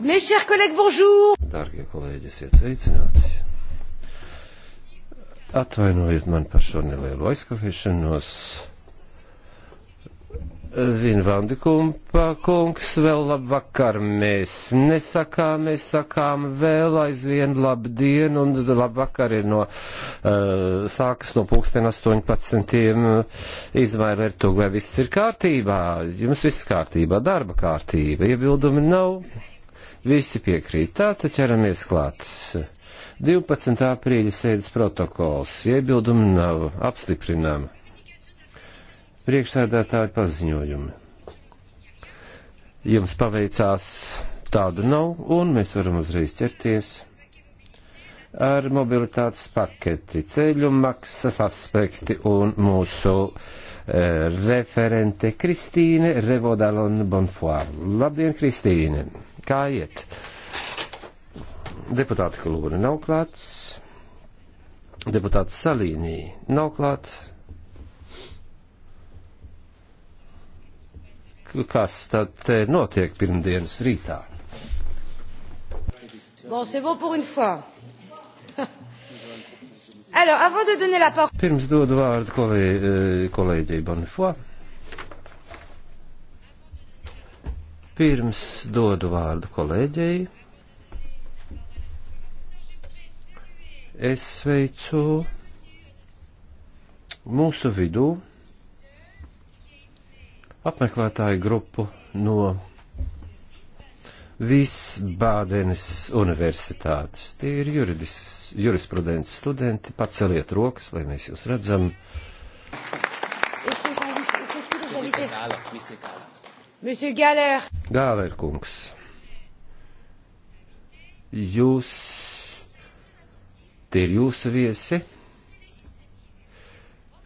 Mes chers collègues, bonjour! Dārgie kolēģi, esiet sveicināti! Atvainojiet man par šo nelielu aizkavēšanos. Vinvandi Kumpa kungs, vēl labvakar mēs nesakām, mēs sakām vēl aizvien labdien un labvakar ir no, uh, sākas no pulksten 18. Izmaila ir tu, vai viss ir kārtībā, jums viss kārtībā, darba kārtība, iebildumi nav, visi piekrīt, tā tad ķeramies klāt. 12. aprīļa sēdes protokols, iebildumi nav, apstiprinām priekšsēdētāju paziņojumi. Jums paveicās tādu nav, un mēs varam uzreiz ķerties ar mobilitātes paketi, ceļu maksas aspekti un mūsu e, referente Kristīne Revodalon Bonfoir. Labdien, Kristīne! Kā iet? Deputāta Kalūna nav klāts, deputāts Salīnī nav klāts, kas tad notiek pirmdienas rītā. Bon, c'est bon pour une fois. Alors, avant de donner la parole. Pirms dodu vārdu eh, kolēģei kolēģi Bonifo. Pirms dodu vārdu kolēģei. Es sveicu mūsu vidū apmeklētāju grupu no Visbādenes universitātes. Tie ir juridis, jurisprudences studenti. Paceliet rokas, lai mēs jūs redzam. Gāler kungs, jūs, tie ir jūsu viesi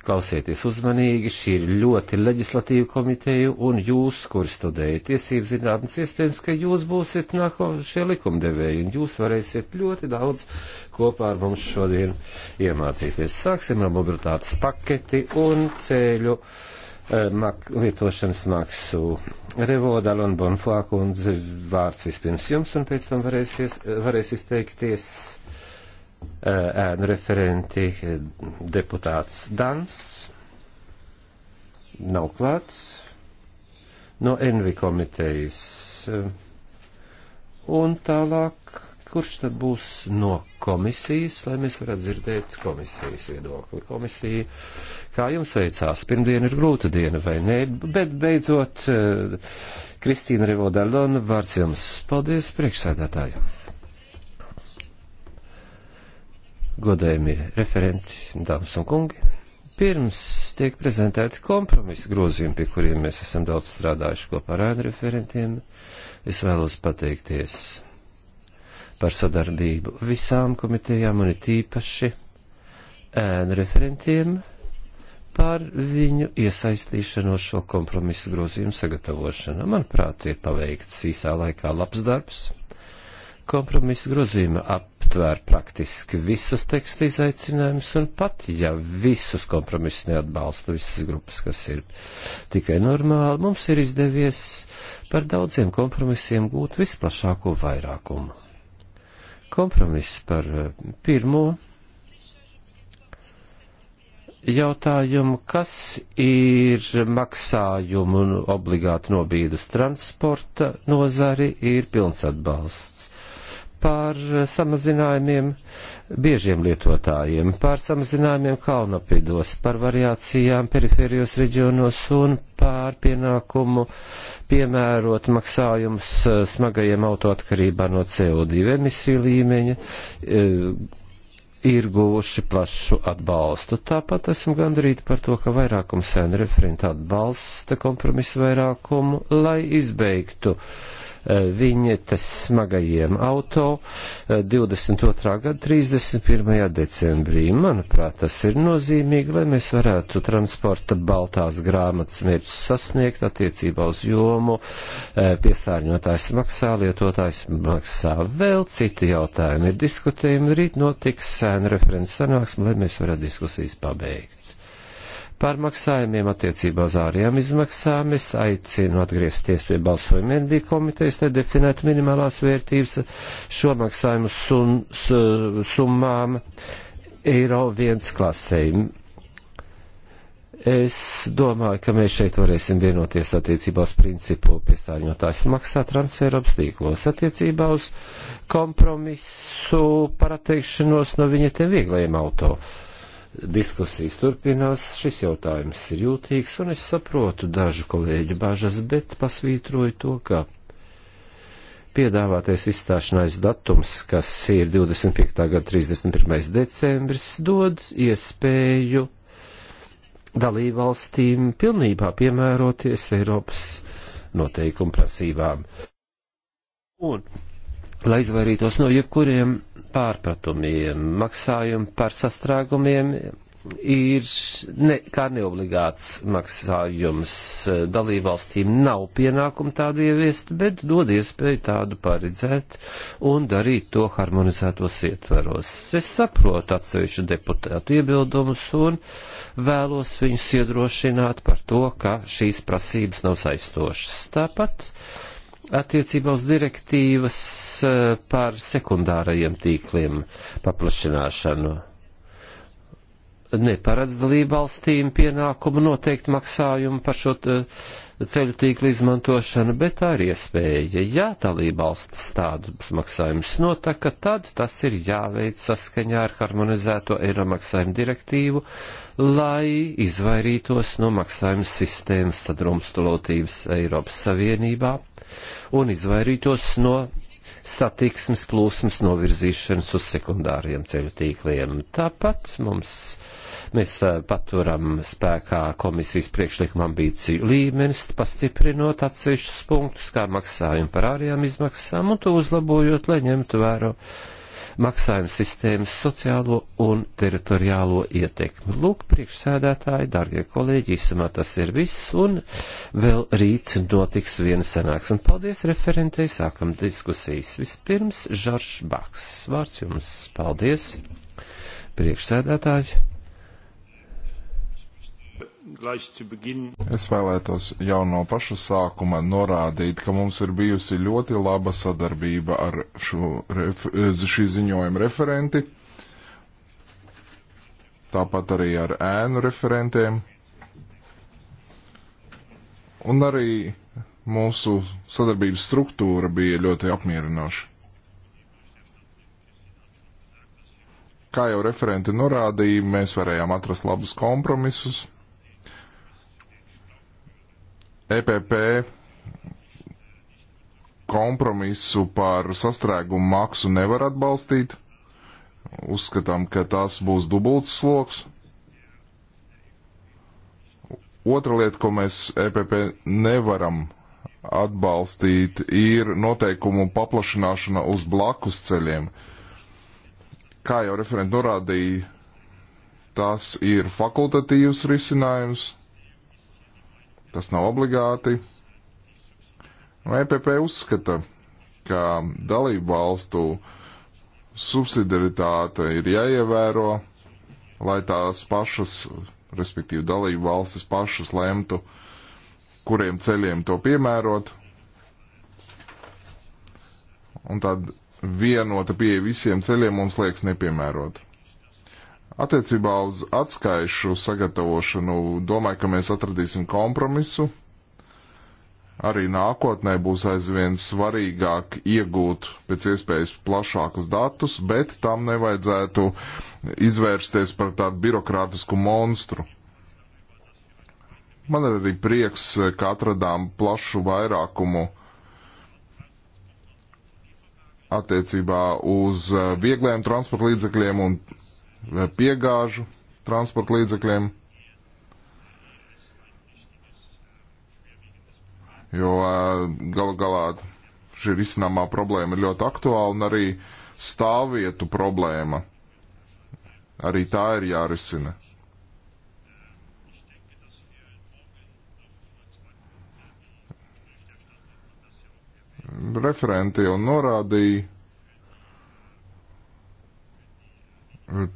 klausieties uzmanīgi, šī ir ļoti leģislatīva komiteja, un jūs, kur studējat tiesību zinātnes, iespējams, ka jūs būsiet nākošie likumdevēji, un jūs varēsiet ļoti daudz kopā ar mums šodien iemācīties. Sāksim ar mobilitātes paketi un ceļu eh, mak lietošanas maksu. Revoda Lonbonfā kundze vārds vispirms jums, un pēc tam varēsies, varēs izteikties ēnu referenti deputāts Dans nav klāts no Envi komitejas. Un tālāk, kurš tad būs no komisijas, lai mēs varētu dzirdēt komisijas viedokli? Komisija, kā jums veicās, pirmdiena ir grūta diena vai nē, bet beidzot, eh, Kristīna Revodalona, vārds jums. Paldies priekšsēdētājiem! godējumie referenti, dāmas un kungi. Pirms tiek prezentēti kompromisa grozījumi, pie kuriem mēs esam daudz strādājuši kopā ar ēnu referentiem, es vēlos pateikties par sadarbību visām komitejām un it īpaši ēnu referentiem par viņu iesaistīšanos šo kompromisu grozījumu sagatavošanā. Manuprāt, ir paveikts īsā laikā labs darbs Kompromisa grozījuma aptvēr praktiski visus teksta izaicinājumus, un pat ja visus kompromisus neatbalsta visas grupas, kas ir tikai normāli, mums ir izdevies par daudziem kompromisiem gūt visplašāko vairākumu. Kompromiss par eh, pirmo jautājumu, kas ir maksājumu un obligātu nobīdus transporta nozari, ir pilns atbalsts par samazinājumiem biežiem lietotājiem, par samazinājumiem kalnapīdos, par variācijām perifērijos reģionos un par pienākumu piemērot maksājumus eh, smagajiem auto atkarībā no CO2 emisiju līmeņa eh, ir guvuši plašu atbalstu. Tāpat esam gandrīz par to, ka vairākums sēna referenta atbalsta kompromisu vairākumu, lai izbeigtu uh, viņetes smagajiem auto 22. Eh, gada 31. decembrī. Manuprāt, tas ir nozīmīgi, lai mēs varētu transporta baltās grāmatas mērķus sasniegt attiecībā uz jomu, eh, piesārņotājs maksā, lietotājs maksā. Vēl citi jautājumi ir diskutējumi, rīt notiks sēna referents sanāksme, lai mēs varētu diskusijas pabeigt. Par maksājumiem attiecībā uz ārējām izmaksām es aicinu atgriezties pie balsojuma NB komitejas, lai definētu minimālās vērtības šo maksājumu sun, su, summām eiro viens klasēm. Es domāju, ka mēs šeit varēsim vienoties attiecībā uz principu piesārņotājs maksā transeiropas tīklos, attiecībā uz kompromisu par atteikšanos no viņa tiem vieglajiem automašīnām diskusijas turpinās, šis jautājums ir jūtīgs, un es saprotu dažu kolēģu bažas, bet pasvītroju to, ka piedāvātais izstāšanās datums, kas ir 25. gada 31. decembris, dod iespēju dalībvalstīm pilnībā piemēroties Eiropas noteikumu prasībām. Un lai izvairītos no jebkuriem pārpratumiem. Maksājumi par sastrēgumiem ir ne, kā neobligāts maksājums. Dalībvalstīm nav pienākumu tādu ieviest, bet dod iespēju tādu paredzēt un darīt to harmonizētos ietveros. Es saprotu atsevišķu deputātu iebildumus un vēlos viņus iedrošināt par to, ka šīs prasības nav saistošas. Tāpat attiecībā uz direktīvas eh, par sekundārajiem tīkliem paplašināšanu. Neparedz dalībvalstīm pienākumu noteikt maksājumu par šo eh, ceļu tīkla izmantošana, bet tā ir iespēja. Ja dalībvalstis tādus maksājumus notaka, tad tas ir jāveic saskaņā ar harmonizēto eiro maksājumu direktīvu, lai izvairītos no maksājumu sistēmas sadrumstalotības Eiropas Savienībā un izvairītos no satiksmes plūsmas novirzīšanas uz sekundāriem ceļu tīkliem. Tāpat mums, mēs paturam spēkā komisijas priekšlikuma ambīciju līmenis, pastiprinot atsevišķus punktus, kā maksājumu par ārējām izmaksām un to uzlabojot, lai ņemtu vēro maksājuma sistēmas sociālo un teritoriālo ietekmi. Lūk, priekšsēdētāji, dārgie kolēģi, īsumā tas ir viss, un vēl rīt notiks viena sanāksme. Paldies referentei, sākam diskusijas. Vispirms, Žaržs Baks, vārds jums, paldies, priekšsēdētāji. Es vēlētos jau no paša sākuma norādīt, ka mums ir bijusi ļoti laba sadarbība ar šo, ref, eh, šī ziņojuma referenti, tāpat arī ar ēnu referentiem, un arī mūsu sadarbības struktūra bija ļoti apmierinoša. Kā jau referenti norādīja, mēs varējām atrast labus kompromisus. EPP kompromisu par sastrēgumu maksu nevar atbalstīt. Uzskatām, ka tas būs dubults sloks. Otra lieta, ko mēs EPP nevaram atbalstīt, ir noteikumu paplašināšana uz blakus ceļiem. Kā jau referenti norādīja, tas ir fakultatīvs risinājums Tas nav obligāti. Nu, EPP uzskata, ka dalību valstu subsidiaritāte ir jāievēro, lai tās pašas, respektīvi dalību valstis pašas lemtu, kuriem ceļiem to piemērot. Un tad vienota pieeja visiem ceļiem mums liekas nepiemērota. Attiecībā uz atskaišu sagatavošanu domāju, ka mēs atradīsim kompromisu. Arī nākotnē būs aizvien svarīgāk iegūt pēc iespējas plašākus datus, bet tam nevajadzētu izvērsties par tādu birokrātisku monstru. Man ir arī prieks, ka atradām plašu vairākumu attiecībā uz viegliem transporta līdzekļiem un Eh, piegāžu transporta līdzekļiem. Jo eh, galu galā šī risināmā problēma ir ļoti aktuāla un arī stāvvietu problēma. Arī tā ir jārisina. referenti jau norādīja,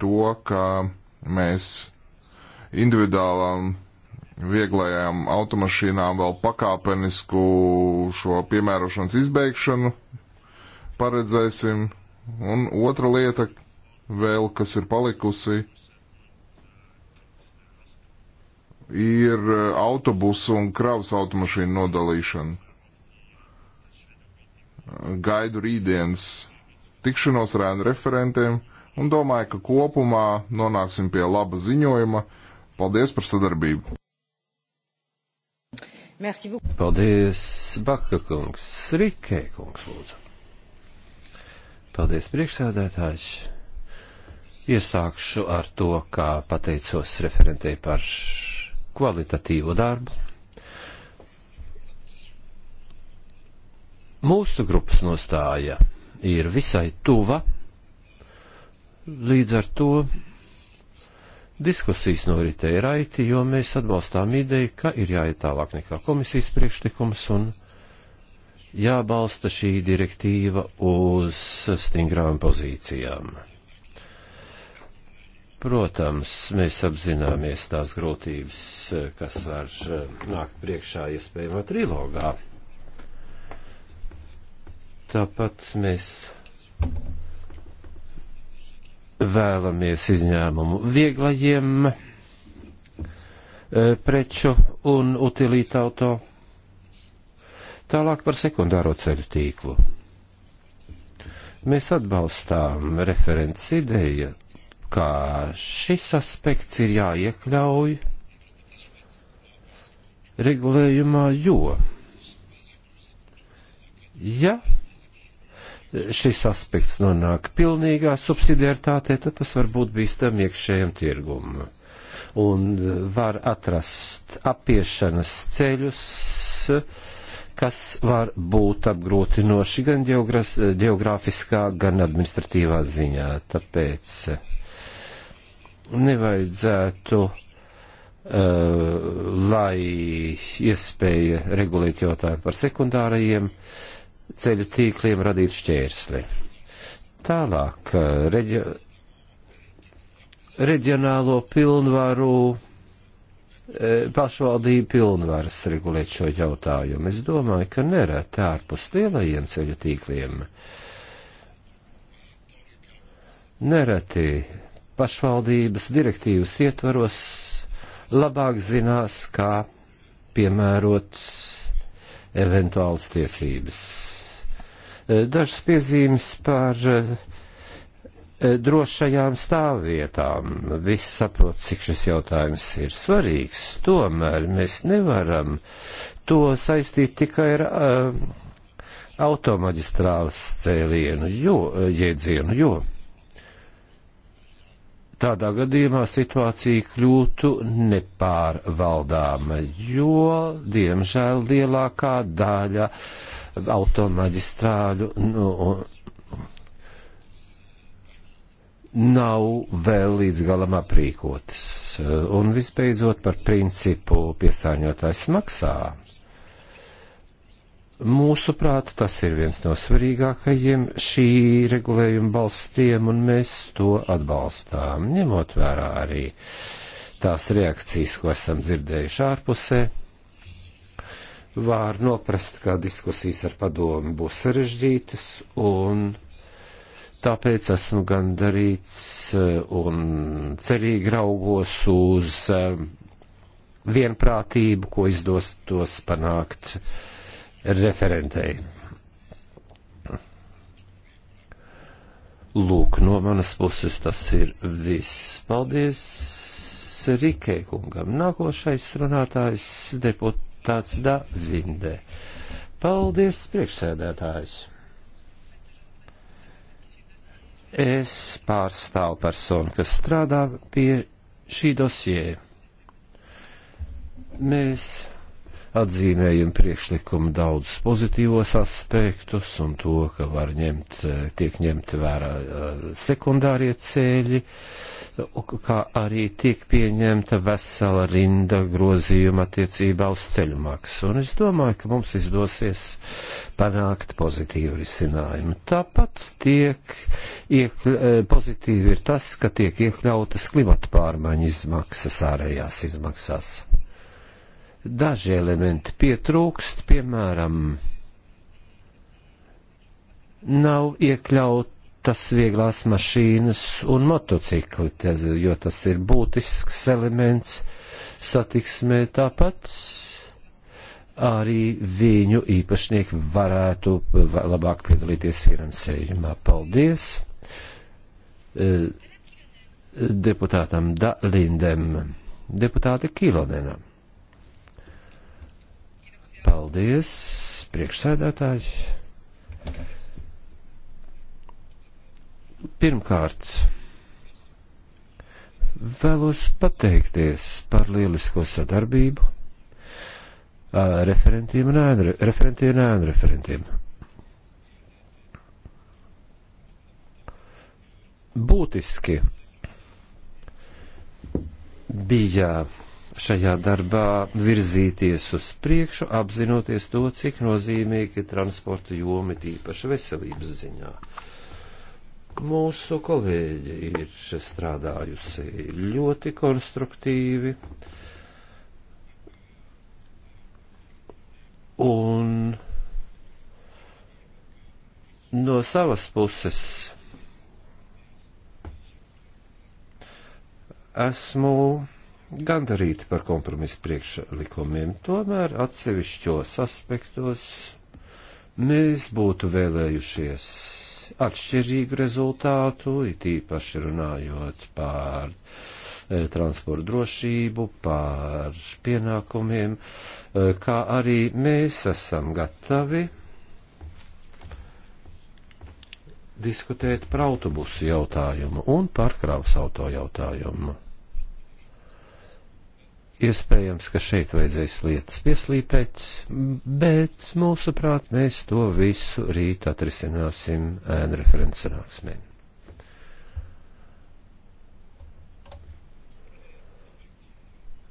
to, ka mēs individuālām vieglajām automašīnām vēl pakāpenisku šo piemērošanas izbeigšanu paredzēsim. Un otra lieta vēl, kas ir palikusi, ir autobusu un kravas automašīnu nodalīšana. Gaidu rītdienas tikšanos ar ēnu referentiem un domāju, ka kopumā nonāksim pie laba ziņojuma. Paldies par sadarbību! Merci beaucoup. Paldies, Baka kungs, Rikē kungs, lūdzu. Paldies, priekšsēdētājs. Iesākšu ar to, kā pateicos referentei par kvalitatīvu darbu. Mūsu grupas nostāja ir visai tuva Līdz ar to diskusijas noritēja raiti, jo mēs atbalstām ideju, ka ir jāiet tālāk nekā komisijas priekšlikums un jābalsta šī direktīva uz stingrām pozīcijām. Protams, mēs apzināmies tās grūtības, kas var eh, nākt priekšā iespējamā trilogā. Tāpat mēs vēlamies izņēmumu vieglajiem eh, preču un utilitāto. Tālāk par sekundāro ceļu tīklu. Mēs atbalstām referents ideju, ka šis aspekts ir jāiekļauj regulējumā, jo, ja šis aspekts nonāk pilnīgā subsidiaritātē, tad tas var būt bīstam iekšējiem tirgumam. Un var atrast apiešanas ceļus, kas var būt apgrūtinoši gan geogrāfiskā, gan administratīvā ziņā. Tāpēc nevajadzētu Uh, lai iespēja regulēt jautājumu par sekundārajiem ceļu tīkliem radīt šķērsli. Tālāk eh, reģi reģionālo pilnvaru eh, pašvaldību pilnvaras regulēt šo jautājumu. Es domāju, ka nereti ārpus lielajiem ceļu tīkliem. Nereti pašvaldības direktīvas ietvaros labāk zinās, kā piemērot eventuāls tiesības. Eh, dažas piezīmes par eh, eh, drošajām stāvvietām. Viss saprot, cik šis jautājums ir svarīgs. Tomēr mēs nevaram to saistīt tikai ar uh, automaģistrāles cēlienu, jo, jēdzienu, jo tādā gadījumā situācija kļūtu nepārvaldāma, jo, diemžēl, lielākā daļa uh, automaģistrāļu nu, nav vēl līdz galam aprīkotas. Un visbeidzot par principu piesārņotājs maksā. Mūsuprāt, tas ir viens no svarīgākajiem šī regulējuma balstiem, un mēs to atbalstām, ņemot vērā arī tās reakcijas, ko esam dzirdējuši ārpusē var noprast, ka diskusijas ar padomu būs sarežģītas, un tāpēc esmu gandarīts eh, un cerīgi raugos uz eh, vienprātību, ko izdos tos panākt referentei. Lūk, no manas puses tas ir viss. Paldies Rikē kungam. Nākošais runātājs deputāts deputāts Da Vinde. Paldies, priekšsēdētājs! Es pārstāvu personu, kas strādā pie šī dosieja. Mēs atzīmējam priekšlikuma daudzus pozitīvos aspektus un to, ka var ņemt, eh, tiek ņemt vērā eh, sekundārie ceļi, kā arī tiek pieņemta vesela rinda grozījuma attiecībā uz ceļu maksu. Un es domāju, ka mums izdosies panākt pozitīvu risinājumu. Tāpat tiek iekļ, eh, pozitīvi ir tas, ka tiek iekļautas klimata pārmaiņu izmaksas ārējās izmaksās. Daži elementi pietrūkst, piemēram, nav iekļautas vieglās mašīnas un motocikli, jo tas ir būtisks elements satiksmē tāpat arī viņu īpašnieki varētu labāk piedalīties finansējumā. Paldies e, deputātam Dalindem, deputāte Kilonenam. Paldies, priekšsēdētāji. Pirmkārt, vēlos pateikties par lielisko sadarbību referentiem un ēnu, referentiem un ēnu referentiem. Būtiski bija šajā darbā virzīties uz priekšu, apzinoties to, cik nozīmīgi ir transporta jomi tīpaši veselības ziņā. Mūsu kolēģi ir strādājusi ļoti konstruktīvi un no savas puses esmu gandarīti par kompromisu priekšlikumiem, tomēr atsevišķos aspektos mēs būtu vēlējušies atšķirīgu rezultātu, it īpaši runājot par e, transporta drošību, par pienākumiem, e, kā arī mēs esam gatavi diskutēt par autobusu jautājumu un par kravas auto jautājumu. Iespējams, ka šeit vajadzēs lietas pieslīpēt, bet mūsuprāt mēs to visu rīt atrisināsim ēnu referents sanāksmē.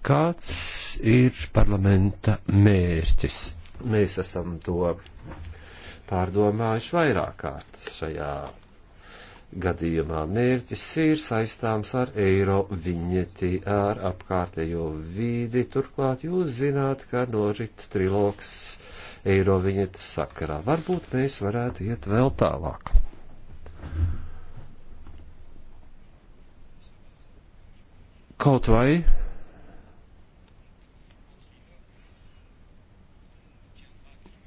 Kāds ir parlamenta mērķis? Mēs esam to pārdomājuši vairāk kārt šajā gadījumā mērķis ir saistāms ar eiro viņeti, ar apkārtējo vīdi. Turklāt jūs zināt, ka norit triloks eiro viņetes sakarā. Varbūt mēs varētu iet vēl tālāk. Kaut vai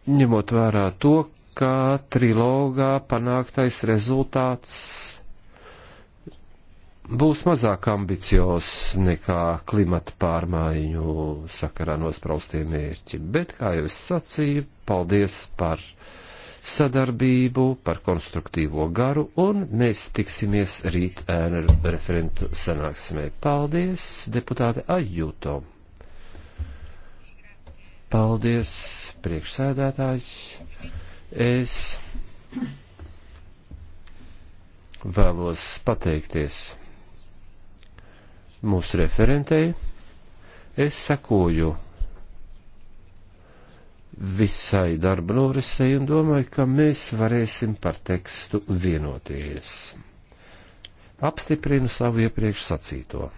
ņemot vērā to, ka trilogā panāktais rezultāts būs mazāk ambiciozs nekā klimata pārmaiņu sakarā nospraustie mērķi. Bet, kā jau es sacīju, paldies par sadarbību, par konstruktīvo garu, un mēs tiksimies rīt ēnu referentu sanāksmē. Paldies, deputāte Ajuto! Paldies, priekšsēdētāji! Es vēlos pateikties mūsu referentei. Es sekoju visai darba norisei un domāju, ka mēs varēsim par tekstu vienoties. Apstiprinu savu iepriekš sacīto.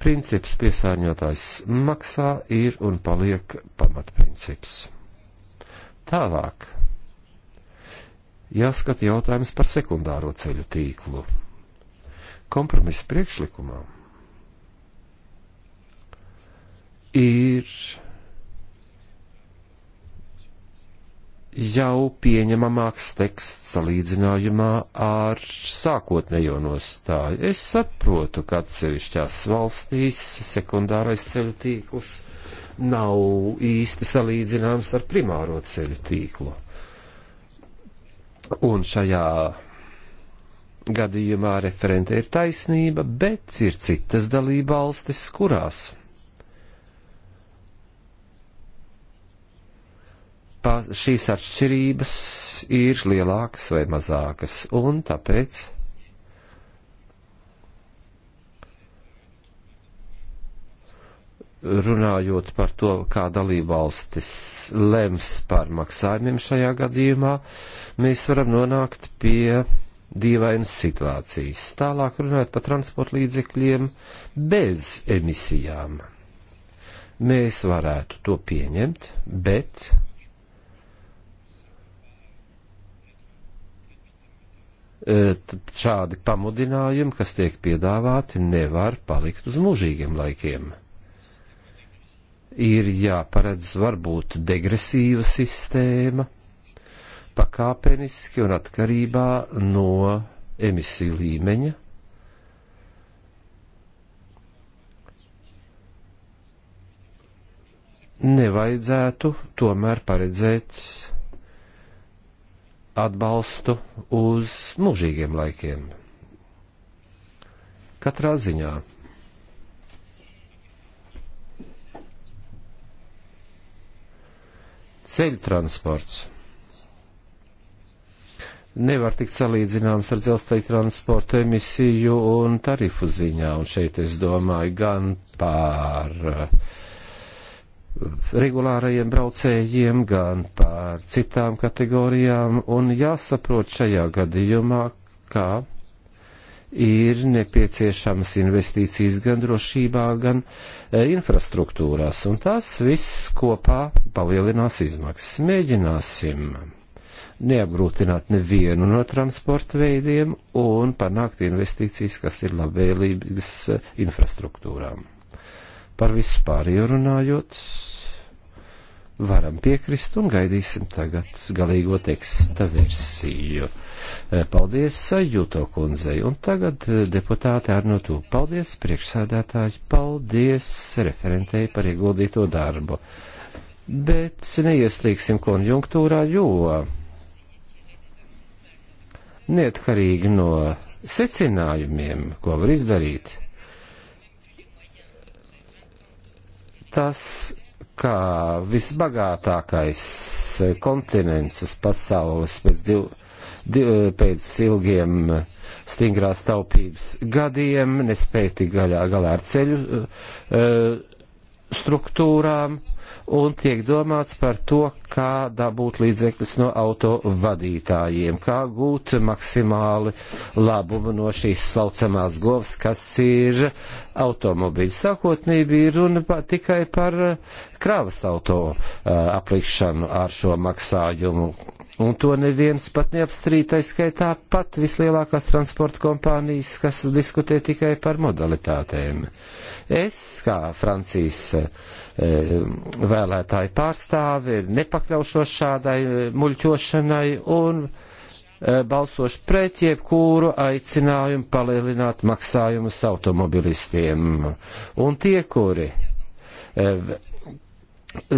Princips piesārņotājs maksā ir un paliek pamatprincips. Tālāk. Jāskat jautājums par sekundāro ceļu tīklu. Kompromisa priekšlikumā ir jau pieņemamāks teksts salīdzinājumā ar sākotnējo nostāju. Es saprotu, ka atsevišķās valstīs sekundārais ceļu tīkls nav īsti salīdzināms ar primāro ceļu tīklu. Un šajā gadījumā referente ir taisnība, bet ir citas dalībvalstis, kurās šīs atšķirības ir lielākas vai mazākas, un tāpēc runājot par to, kā dalībvalstis lems par maksājumiem šajā gadījumā, mēs varam nonākt pie dīvainas situācijas. Tālāk runājot par transporta līdzekļiem bez emisijām. Mēs varētu to pieņemt, bet E, šādi pamudinājumi, kas tiek piedāvāti, nevar palikt uz mūžīgiem laikiem. Ir jāparedz varbūt degresīva sistēma, pakāpeniski un atkarībā no emisiju līmeņa. Nevajadzētu tomēr paredzēt atbalstu uz mūžīgiem laikiem. Katrā ziņā. Ceļu transports nevar tikt salīdzināms ar dzelzceļa transportu emisiju un tarifu ziņā, un šeit es domāju gan par uh, regulārajiem braucējiem, gan par citām kategorijām, un jāsaprot šajā gadījumā, kā ir nepieciešamas investīcijas gan drošībā, gan e, infrastruktūrās, un tas viss kopā palielinās izmaksas. Mēģināsim neapgrūtināt nevienu no transporta veidiem un panākt investīcijas, kas ir labvēlīgas e, infrastruktūrām. Par vispārējo runājot, varam piekrist un gaidīsim tagad galīgo teksta versiju. Eh, paldies Jūto kundzei un tagad eh, deputāte Arnotu. Paldies priekšsādātāji, paldies referentei par ieguldīto darbu. Bet neieslīgsim konjunktūrā, jo neatkarīgi no secinājumiem, ko var izdarīt, tas, kā visbagātākais kontinents uz pasaules pēc, div, div, pēc ilgiem stingrās taupības gadiem nespēja tik galā, galā ar ceļu uh, struktūrām un tiek domāts par to, kā dabūt līdzekļus no auto vadītājiem, kā gūt maksimāli labumu no šīs slaucamās govs, kas ir automobīļi. Sākotnīgi bija runa tikai par kravas auto aplikšanu ar šo maksājumu Un to neviens pat neapstrīd, aizskaitā pat vislielākās transporta kompānijas, kas diskutē tikai par modalitātēm. Es, kā Francijas e, vēlētāju pārstāvi, nepakļaušos šādai eh, muļķošanai un e, balsošu pret jebkuru aicinājumu palielināt maksājumus automobilistiem. Un tie, kuri. E,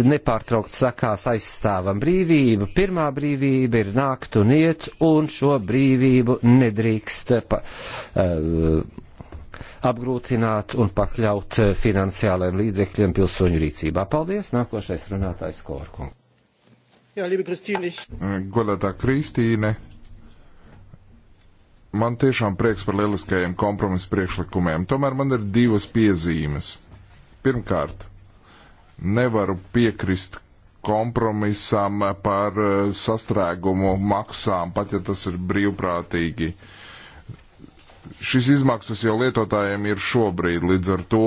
nepārtraukt sakās aizstāvam brīvību. Pirmā brīvība ir nākt un iet, un šo brīvību nedrīkst pa, uh, apgrūtināt un pakļaut eh, finansiālajiem līdzekļiem pilsoņu rīcībā. Paldies! Nākošais runātājs Korkungs. Jā, liebe Kristīne. Eh, godātā Kristīne, man tiešām prieks par lieliskajiem kompromisu priekšlikumiem. Tomēr man ir divas piezīmes. Pirmkārt, nevaru piekrist kompromisam par eh, sastrēgumu maksām, pat ja tas ir brīvprātīgi. Šis izmaksas jau lietotājiem ir šobrīd, līdz ar to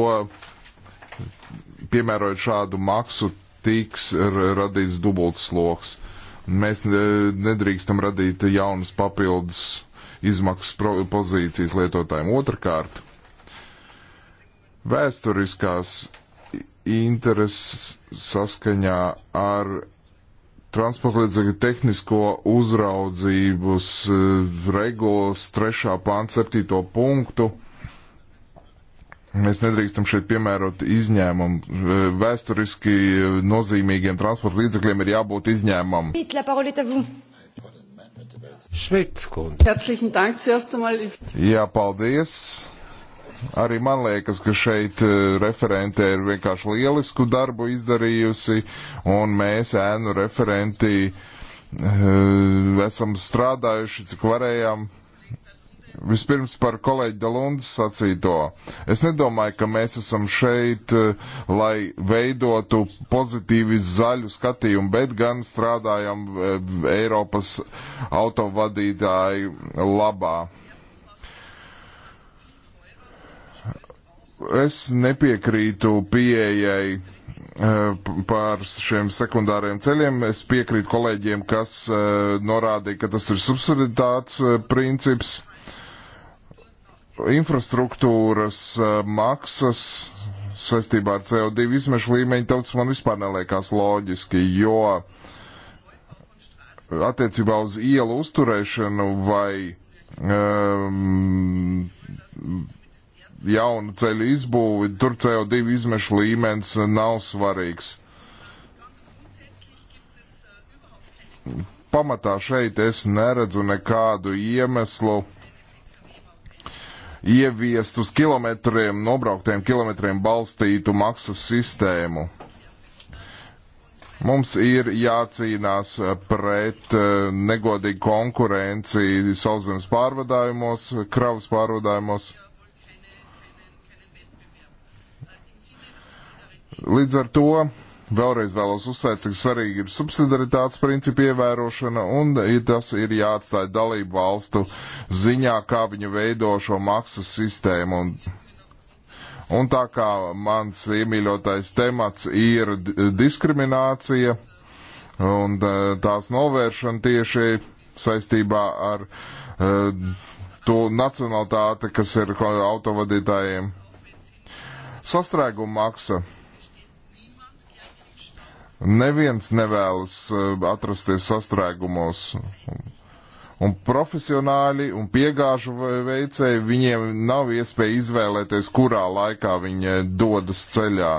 piemērojot šādu maksu tiks radīts dubults sloks. Mēs nedrīkstam radīt jaunas papildus izmaksas pozīcijas lietotājiem. Otrakārt, vēsturiskās intereses saskaņā ar transportlīdzekļu tehnisko uzraudzības e, regulas 3. pāns 7. punktu. Mēs nedrīkstam šeit piemērot izņēmumu. E, vēsturiski nozīmīgiem transporta līdzekļiem ir jābūt izņēmumam. Šveitkundze. Jā, paldies. Arī man liekas, ka šeit eh, referente ir vienkārši lielisku darbu izdarījusi, un mēs ēnu referenti eh, esam strādājuši, cik varējām. Vispirms par kolēģi Dalundas sacīto. Es nedomāju, ka mēs esam šeit, eh, lai veidotu pozitīvi zaļu skatījumu, bet gan strādājam Eiropas autovadītāju labā. Es nepiekrītu pieejai eh, pār šiem sekundāriem ceļiem. Es piekrītu kolēģiem, kas eh, norādīja, ka tas ir subsiditāts eh, princips. Infrastruktūras maksas saistībā ar CO2 izmešu līmeņu tautas man vispār neliekās loģiski, jo attiecībā uz ielu uzturēšanu vai um, jaunu ceļu izbūvi, tur CO2 izmešu līmenis nav svarīgs. Pamatā šeit es neredzu nekādu iemeslu ieviest uz kilometriem, nobrauktiem kilometriem balstītu maksas sistēmu. Mums ir jācīnās pret eh, negodīgu konkurenci sauszemes pārvadājumos, kravas pārvadājumos. Līdz ar to vēlreiz vēlos uzsvērt, cik svarīgi ir subsidaritātes principu ievērošana, un tas ir jāatstāja dalību valstu ziņā, kā viņi veido šo maksas sistēmu. Un, un tā kā mans iemīļotais temats ir diskriminācija un e, tās novēršana tieši saistībā ar e, to nacionalitāti, kas ir autovadītājiem. Sastrēguma maksa Neviens nevēlas eh, atrasties sastrēgumos. Un profesionāļi un piegāžu veicēji, viņiem nav iespēja izvēlēties, kurā laikā viņi eh, dodas ceļā.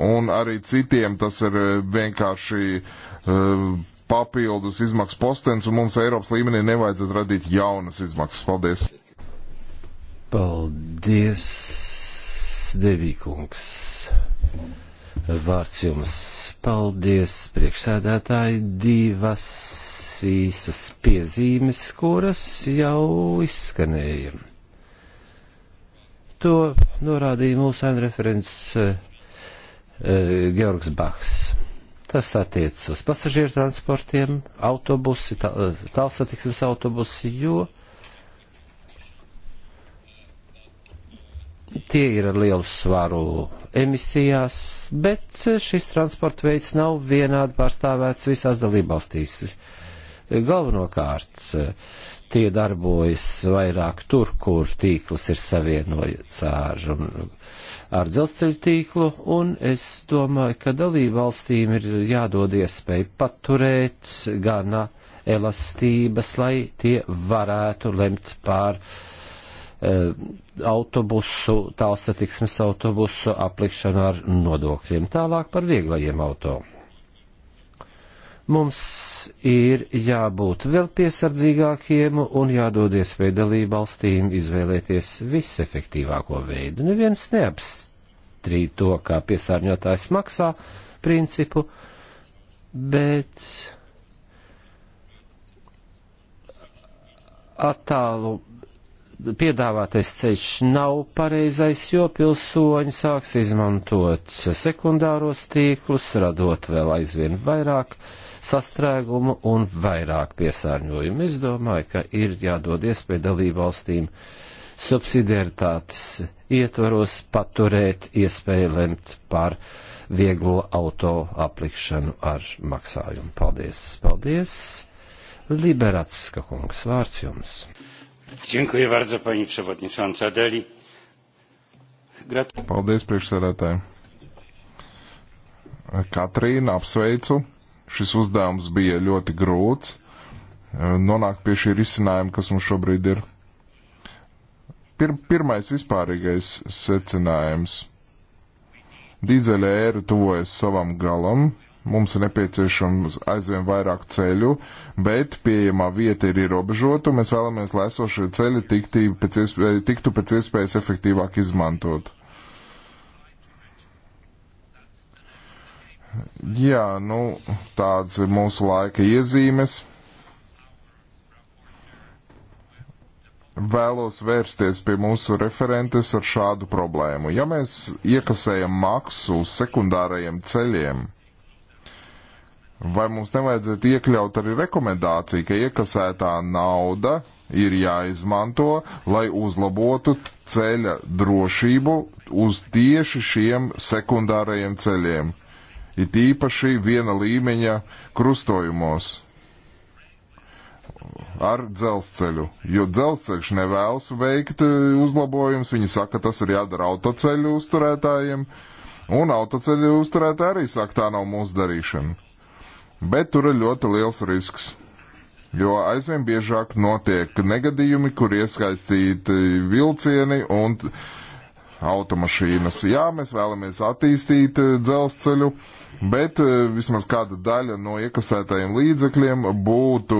Un arī citiem tas ir eh, vienkārši uh, papildus izmaksu postens, un mums Eiropas līmenī nevajadzētu radīt jaunas izmaksas. Paldies! Paldies, Devīkungs! Vārds jums. Paldies, priekšsēdētāji, divas īsas piezīmes, kuras jau izskanēja. To norādīja mūsu anreferents uh, eh, eh, Georgs Bahs. Tas attiec uz pasažieru transportiem, autobusi, tā, eh, tālsatiksmes autobusi, jo tie ir ar lielu svaru emisijās, bet šis transporta veids nav vienādi pārstāvēts visās dalībvalstīs. Galvenokārt tie darbojas vairāk tur, kur tīkls ir savienots ar, ar dzelzceļu tīklu, un es domāju, ka dalībvalstīm ir jādod iespēja paturēt gana elastības, lai tie varētu lemt pār uh, Eh, autobusu, tālsatiksmes autobusu aplikšanu ar nodokļiem. Tālāk par vieglajiem auto. Mums ir jābūt vēl piesardzīgākiem un jādod iespēju dalību valstīm izvēlēties visefektīvāko veidu. Neviens neapstrīd to, kā piesārņotājs maksā principu, bet attālu piedāvātais ceļš nav pareizais, jo pilsoņi sāks izmantot sekundāros tīklus, radot vēl aizvien vairāk sastrēgumu un vairāk piesārņojumu. Es domāju, ka ir jādod iespēja dalībvalstīm subsidiaritātes ietvaros paturēt iespēju lemt par vieglo auto aplikšanu ar maksājumu. Paldies! Paldies! Liberatska kungs, vārds jums! Dziękuję bardzo, pani przewodnicząca Deli. Grat Paldies, priekšsēdētāji. Katrīna, apsveicu. Šis uzdevums bija ļoti grūts. Nonākt pie šī risinājuma, kas mums šobrīd ir. Pir pirmais vispārīgais secinājums. Dīzeļa ēra tuvojas savam galam, mums ir nepieciešams aizvien vairāk ceļu, bet pieejamā vieta ir ierobežota, un mēs vēlamies, lai esošie ceļi tikti, pēc iespēja, tiktu pēc iespējas efektīvāk izmantot. Jā, nu, tāds ir mūsu laika iezīmes. Vēlos vērsties pie mūsu referentes ar šādu problēmu. Ja mēs iekasējam maksu sekundārajiem ceļiem, Vai mums nevajadzētu iekļaut arī rekomendāciju, ka iekasētā nauda ir jāizmanto, lai uzlabotu ceļa drošību uz tieši šiem sekundārajiem ceļiem, it īpaši viena līmeņa krustojumos ar dzelzceļu, jo dzelzceļš nevēlas veikt eh, uzlabojumus, viņi saka, tas ir jādara autoceļu uzturētājiem, un autoceļu uzturētāji arī saka, tā nav mūsu darīšana. Bet tur ir ļoti liels risks, jo aizvien biežāk notiek negadījumi, kur iesaistīti vilcieni un automašīnas. Jā, mēs vēlamies attīstīt eh, dzelzceļu, bet eh, vismaz kāda daļa no iekasētajiem līdzekļiem būtu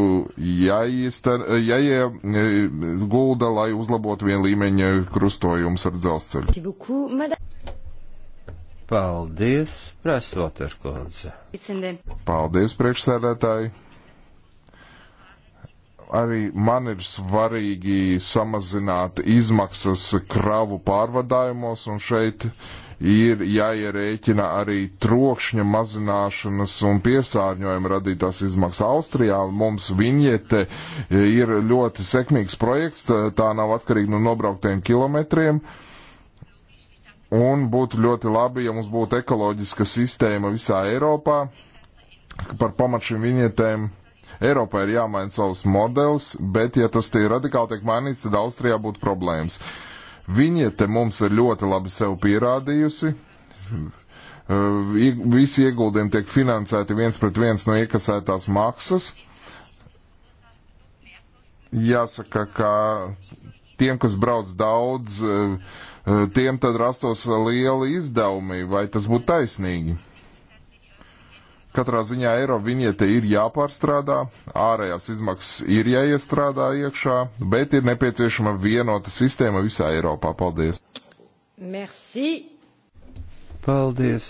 jāiegulda, lai uzlabotu vien līmeņa krustojums ar dzelzceļu. Paldies, Presoterkundze. Paldies, priekšsēdētāji. Arī man ir svarīgi samazināt izmaksas kravu pārvadājumos, un šeit ir jāierēķina arī trokšņa mazināšanas un piesārņojuma radītās izmaksas. Austrijā mums viņete ir ļoti sekmīgs projekts, tā nav atkarīga no nobrauktiem kilometriem. Uh, Un būtu ļoti labi, ja mums būtu ekoloģiska sistēma visā Eiropā par pamatu šīm viņietēm. Eiropā ir jāmaina savs modelis, bet ja tas tie radikāli tiek mainīts, tad Austrijā būtu problēmas. Viņa te mums ir ļoti labi sev pierādījusi. Visi ieguldījumi tiek finansēti viens pret viens no iekasētās maksas. Jāsaka, ka tiem, kas brauc daudz, e, e, tiem tad rastos liela izdevumi, vai tas būtu taisnīgi? Katrā ziņā eiro viņiete ir jāpārstrādā, ārējās izmaksas ir jāiestrādā iekšā, bet ir nepieciešama vienota sistēma visā Eiropā. Paldies! Merci! Paldies!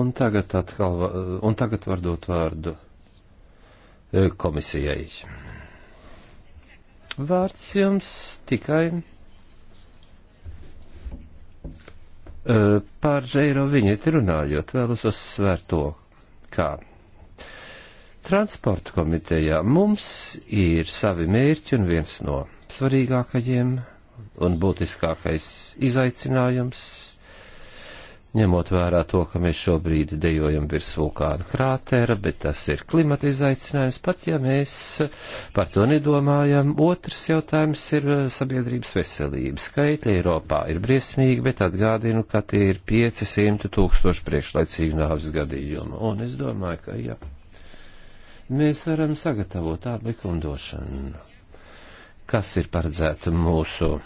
Un tagad atkal, un tagad var dot vārdu e, komisijai. Vārds jums tikai e, par eiro viņieti runājot, vēlos uzsvērt to, kā transporta komitejā mums ir savi mērķi un viens no svarīgākajiem un būtiskākais izaicinājums ņemot vērā to, ka mēs šobrīd dejojam virs vulkāna krātera, bet tas ir klimata izaicinājums, pat ja mēs par to nedomājam. Otrs jautājums ir eh, sabiedrības veselība. Skaitļi Eiropā ir briesmīgi, bet atgādinu, ka tie ir 500 tūkstoši priekšlaicīgu nāvis gadījumu. Un es domāju, ka jā, mēs varam sagatavot tādu likumdošanu, kas ir paredzēta mūsu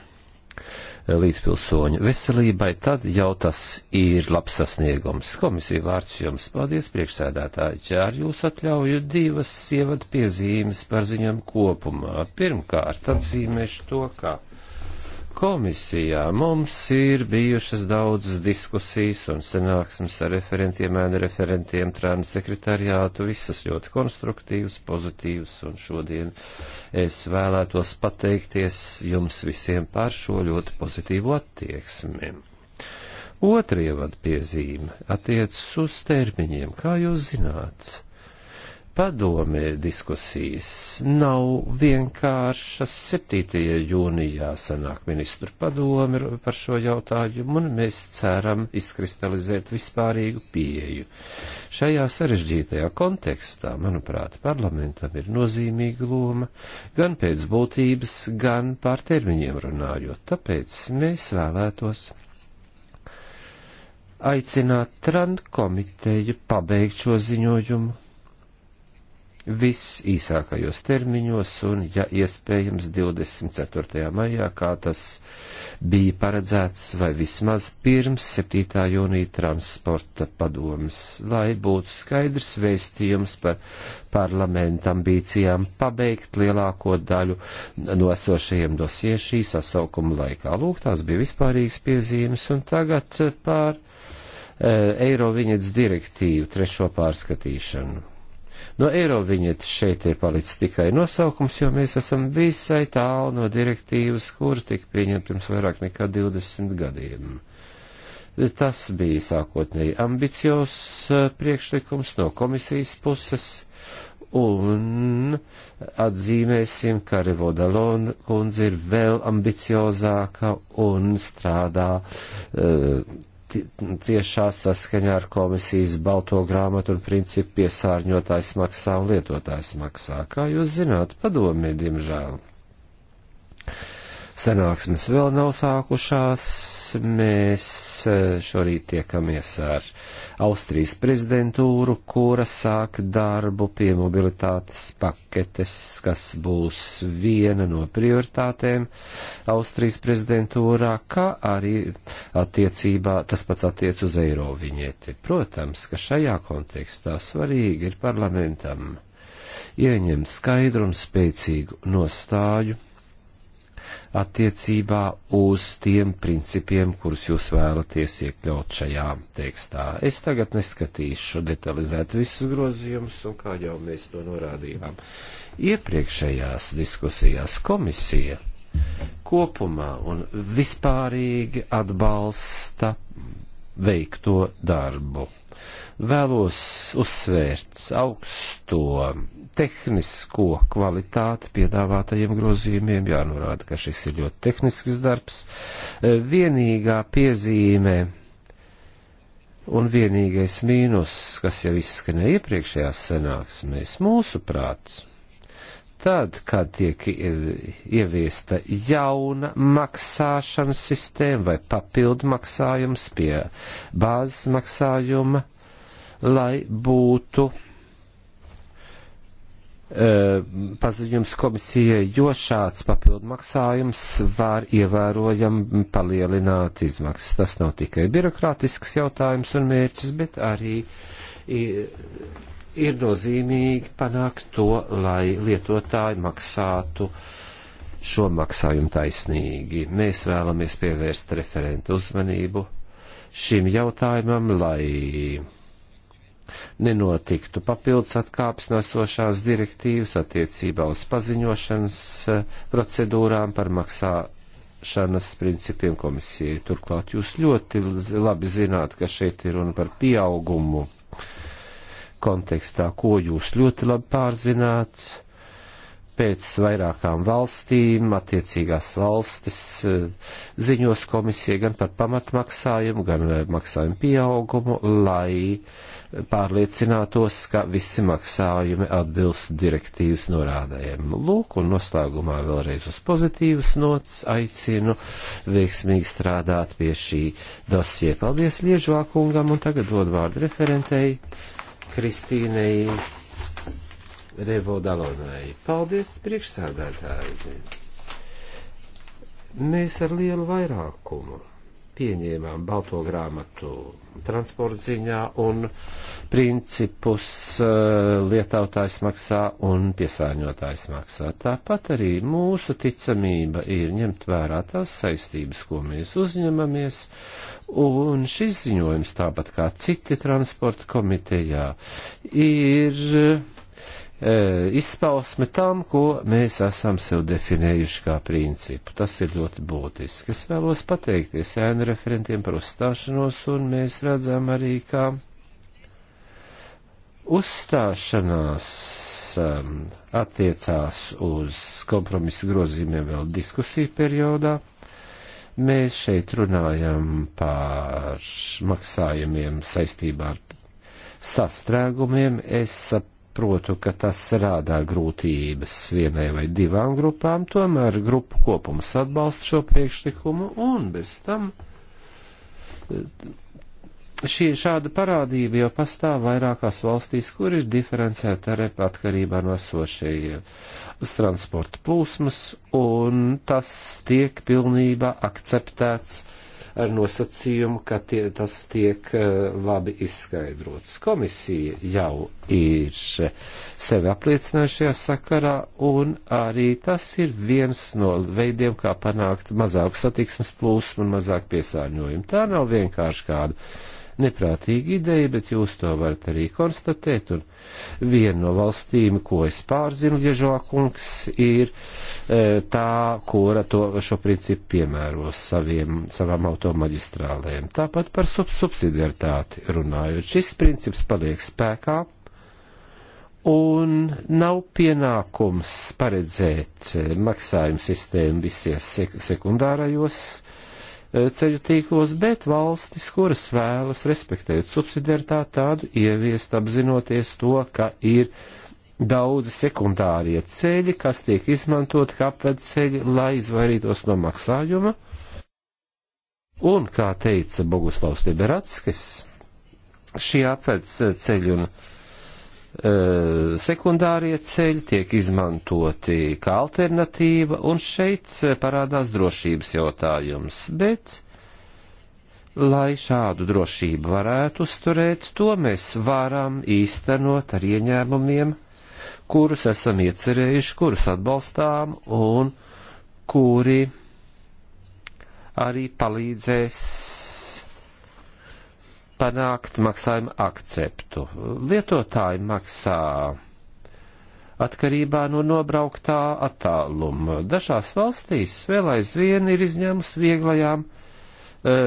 līdzpilsoņu veselībai, tad jau tas ir labs sasniegums. Komisija vārds jums. Paldies, priekšsēdētāji. Ar jūsu atļauju divas ievadu piezīmes par ziņojumu kopumā. Pirmkārt, atzīmēšu to, ka. Kā komisijā mums ir bijušas daudzas diskusijas un sanāksmes ar referentiem, ēna referentiem, trāna sekretariātu, visas ļoti konstruktīvas, pozitīvas, un šodien es vēlētos pateikties jums visiem par šo ļoti pozitīvo attieksmi. Otrie vadpiezīme attiecas uz termiņiem, kā jūs zināt padome diskusijas nav vienkāršas. 7. jūnijā sanāk ministru padome par šo jautājumu, un mēs ceram izkristalizēt vispārīgu pieeju. Šajā sarežģītajā kontekstā, manuprāt, parlamentam ir nozīmīga loma gan pēc būtības, gan pār termiņiem runājot. Tāpēc mēs vēlētos aicināt tran komiteju pabeigt šo ziņojumu viss īsākajos termiņos un, ja iespējams, 24. maijā, kā tas bija paredzēts, vai vismaz pirms 7. jūnija transporta padomas, lai būtu skaidrs vēstījums par parlamenta ambīcijām pabeigt lielāko daļu nosošajiem dosie šī sasaukuma laikā. Lūk, tās bija vispārīgas piezīmes, un tagad pār e, eh, Eiroviņets direktīvu trešo pārskatīšanu. No Eiroviņietas šeit ir palicis tikai nosaukums, jo mēs esam visai tālu no direktīvas, kur tika pieņemta pirms vairāk nekā 20 gadiem. Tas bija sākotnēji ambiciozs eh, priekšlikums no komisijas puses, un atzīmēsim, ka Revodalona kundze ir vēl ambiciozāka un strādā. Uh, ciešā saskaņā ar komisijas balto grāmatu un principu piesārņotājs maksā un lietotājs maksā. Kā jūs zināt, padomē, diemžēl. Sanāksmes vēl nav sākušās, mēs Eh, šorīt tiekamies ar Austrijas prezidentūru, kura sāk darbu pie mobilitātes paketes, kas būs viena no prioritātēm Austrijas prezidentūrā, kā arī attiecībā tas pats attiec uz eiroviņieti. Protams, ka šajā kontekstā svarīgi ir parlamentam ieņemt skaidru un spēcīgu nostāju attiecībā uz tiem principiem, kurus jūs vēlaties iekļaut šajā tekstā. Es tagad neskatīšu detalizēt visus grozījumus, un kā jau mēs to norādījām iepriekšējās diskusijās, komisija kopumā un vispārīgi atbalsta veikto darbu Vēlos uzsvērt augsto tehnisko kvalitāti piedāvātajiem grozījumiem, jānorāda, ka šis ir ļoti tehnisks darbs. Vienīgā piezīme un vienīgais mīnus, kas jau izskanēja iepriekšējās sanāksmēs, mūsu prāts tad, kad tiek ieviesta jauna maksāšanas sistēma vai papildu maksājums pie bāzes maksājuma, lai būtu e, paziņojums komisijai, jo šāds papildu maksājums var ievērojami palielināt izmaksas. Tas nav tikai birokrātisks jautājums un mērķis, bet arī ir nozīmīgi panākt to, lai lietotāji maksātu šo maksājumu taisnīgi. Mēs vēlamies pievērst referentu uzmanību šim jautājumam, lai nenotiktu papildus atkāpes nesošās direktīvas attiecībā uz paziņošanas eh, procedūrām par maksāšanas principiem komisijai. Turklāt jūs ļoti labi zināt, ka šeit ir runa par pieaugumu kontekstā, ko jūs ļoti labi pārzināt, pēc vairākām valstīm, attiecīgās valstis eh, ziņos komisija gan par pamatmaksājumu, gan eh, maksājumu pieaugumu, lai pārliecinātos, ka visi maksājumi atbilst direktīvas norādējiem. Lūk, un noslēgumā vēlreiz uz pozitīvas nots aicinu veiksmīgi strādāt pie šī dosie. Paldies Liežvākungam, un tagad dod vārdu referentei Kristīnei Revodalonai. Paldies, priekšsādātāji! Mēs ar lielu vairākumu pieņēmām balto grāmatu transporta ziņā un principus eh, lietotājs maksā un piesārņotājs maksā. Tāpat arī mūsu ticamība ir ņemt vērā tās saistības, ko mēs uzņemamies, un šis ziņojums, tāpat kā citi transporta komitejā, ir E, izpausme tam, ko mēs esam sev definējuši kā principu. Tas ir ļoti būtiski. Es vēlos pateikties ēnu referentiem par uzstāšanos, un mēs redzam arī, kā uzstāšanās um, attiecās uz kompromisu grozījumiem vēl diskusiju periodā. Mēs šeit runājam par maksājumiem saistībā ar sastrēgumiem. Es saprotu saprotu, ka tas rādā grūtības vienai vai divām grupām, tomēr grupu kopums atbalsta šo priekšlikumu un bez tam eh, šī šāda parādība jau pastāv vairākās valstīs, kur ir diferencēta arī atkarībā no sošajiem transporta plūsmas un tas tiek pilnībā akceptēts ar nosacījumu, ka tie, tas tiek eh, labi izskaidrots. Komisija jau ir sevi apliecinājušajā sakarā, un arī tas ir viens no veidiem, kā panākt mazāku satiksmes plūsmu un mazāk piesārņojumu. Tā nav vienkārši kāda neprātīga ideja, bet jūs to varat arī konstatēt. Un viena no valstīm, ko es pārzinu, Ježokungs, ir e, tā, kura to, šo principu piemēros saviem, savām automaģistrālēm. Tāpat par sub subsidiaritāti runājot. Šis princips paliek spēkā. Un nav pienākums paredzēt e, maksājumu sistēmu visies sek sekundārajos Eh, ceļu tīklos, bet valstis, kuras vēlas respektēt subsidiaritāti tādu ieviest, apzinoties to, ka ir daudzi sekundārie ceļi, kas tiek izmantot kā apvedceļi, lai izvairītos no maksājuma. Un, kā teica Boguslavs Liberatskis, šie apvedceļi un uh, Eh, sekundārie ceļi tiek izmantoti kā alternatīva, un šeit eh, parādās drošības jautājums. Bet, lai šādu drošību varētu uzturēt, to mēs varam īstenot ar ieņēmumiem, kurus esam iecerējuši, kurus atbalstām un kuri arī palīdzēs panākt maksājumu akceptu. Lietotāji maksā atkarībā no nobrauktā attāluma. Dažās valstīs vēl aizvien ir izņēmums vieglajām uh,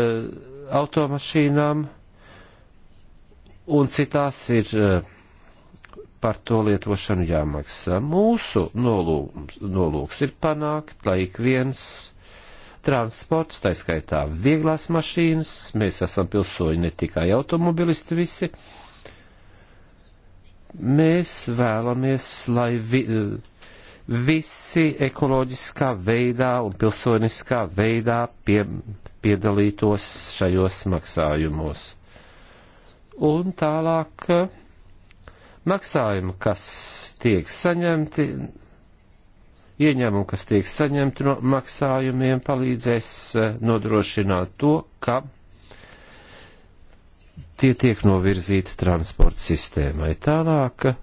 automašīnām, un citās ir uh, par to lietošanu jāmaksā. Mūsu nolūks, nolūks ir panākt, lai ik viens transports, tā skaitā vieglās mašīnas, mēs esam pilsoņi ne tikai automobilisti visi. Mēs vēlamies, lai vi, eh, visi ekoloģiskā veidā un pilsoniskā veidā pie, piedalītos šajos maksājumos. Un tālāk eh, maksājumi, kas tiek saņemti, ieņēmumi, kas tiek saņemti no maksājumiem, palīdzēs eh, nodrošināt to, ka tie tiek novirzīti transporta sistēmai. Tālāk eh,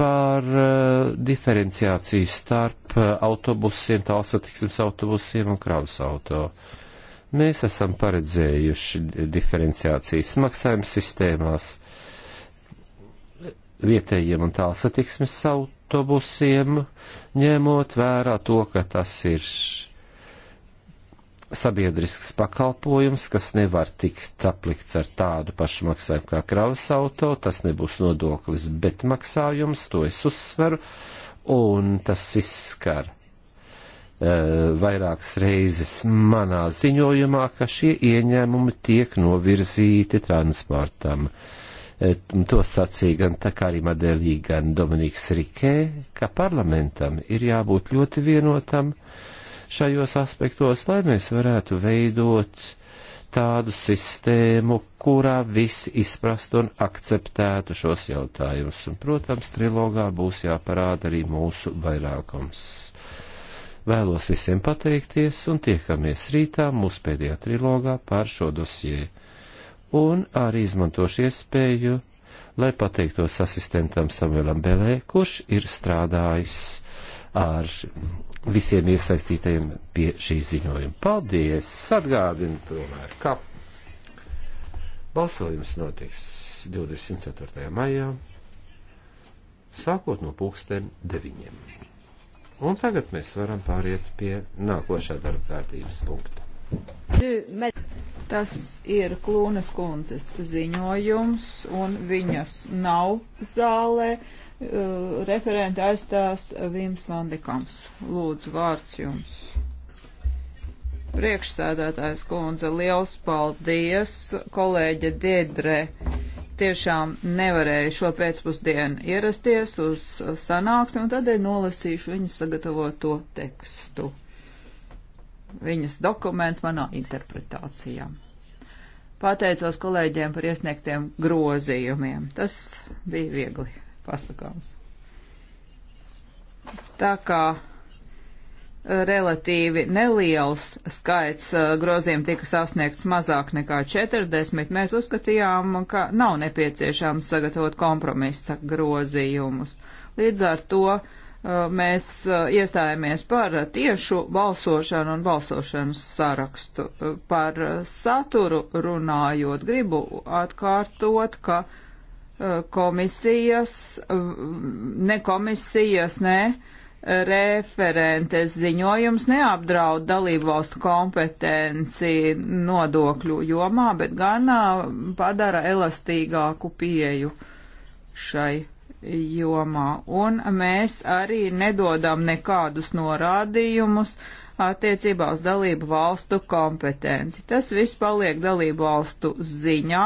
par uh, diferenciāciju starp uh, autobusiem, tālsatiksmes autobusiem un kravas auto. Mēs esam paredzējuši diferenciācijas maksājuma sistēmās vietējiem un tālsatiksmes auto autobusiem, ņemot vērā to, ka tas ir sabiedrisks pakalpojums, kas nevar tikt aplikts ar tādu pašu maksājumu kā kravas auto, tas nebūs nodoklis, bet maksājums, to es uzsveru, un tas izskar e, vairākas reizes manā ziņojumā, ka šie ieņēmumi tiek novirzīti transportam. Uh, Eh, to sacīja gan Takārī Madelī, gan Dominiks Rikē, ka parlamentam ir jābūt ļoti vienotam šajos aspektos, lai mēs varētu veidot tādu sistēmu, kurā visi izprastu un akceptētu šos jautājumus. Un, protams, trilogā būs jāparāda arī mūsu vairākums. Vēlos visiem pateikties un tiekamies rītā mūsu pēdējā trilogā par šo dosieru un arī izmantošu iespēju, lai pateiktos asistentam Samuelam Belē, kurš ir strādājis ar visiem iesaistītajiem pie šī ziņojuma. Paldies! Atgādinu tomēr, ka balsojums notiks 24. maijā, sākot no pulksten deviņiem. Un tagad mēs varam pāriet pie nākošā darba kārtības punkta. Tas ir Klūnas kundzes ziņojums, un viņas nav zālē. Uh, referenti aizstās Vims Vandikams. Lūdzu, vārds jums. Priekšsēdētājs kundze, liels paldies, kolēģe Diedre. Tiešām nevarēju šo pēcpusdienu ierasties uz sanāksmi, un tādēļ nolasīšu viņu sagatavoto tekstu viņas dokuments manā interpretācijā. Pateicos kolēģiem par iesniegtiem grozījumiem. Tas bija viegli pasakāms. Tā kā eh, relatīvi neliels skaits eh, grozījumu tika sasniegts mazāk nekā 40, mēs uzskatījām, ka nav nepieciešams sagatavot kompromisa grozījumus. Līdz ar to uh, Uh, mēs uh, iestājāmies par tiešu balsošanu un balsošanas sarakstu. Uh, par saturu runājot, gribu atkārtot, ka komisijas, ne komisijas, ne referentes ziņojums neapdraud dalību valstu kompetenci nodokļu jomā, bet gan padara elastīgāku pieju šai jomā. Un mēs arī nedodam nekādus norādījumus attiecībā uz dalību valstu kompetenci. Tas viss paliek dalību valstu ziņā,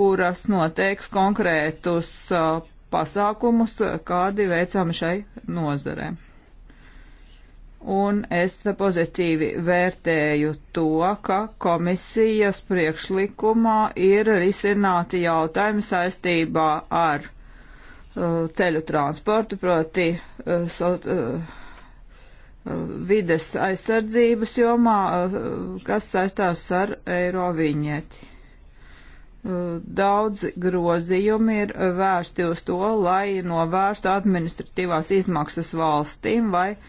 kuras noteiks konkrētus uh, pasākumus, kādi veicami šai nozarē. Un es pozitīvi vērtēju to, ka komisijas priekšlikumā ir risināti jautājumi saistībā ar Uh, ceļu transportu, proti uh, so, uh, vides aizsardzības jomā, kas saistās ar eiro viņieti. Daudzi grozījumi ir vērsti uz to, lai novērstu administratīvās izmaksas valstīm vai uh,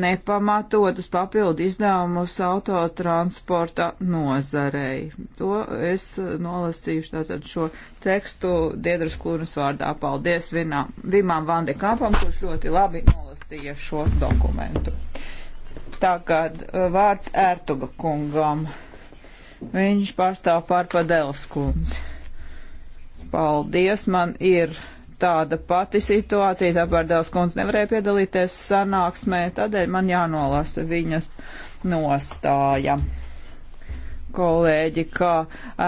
nepamatotus papildu izdevumus autotransporta nozarei. To es nolasīšu tātad šo tekstu Diedras Klūnas vārdā. Paldies vienam, Vimam Vandekāpam, kurš ļoti labi nolasīja šo dokumentu. Tagad uh, vārds Ērtuga kungam. Viņš pārstāv pārpadēlas kundzi. Paldies, man ir tāda pati situācija, tāpēc Dēls kundze nevarēja piedalīties sanāksmē, tādēļ man jānolasa viņas nostāja. Kolēģi, kā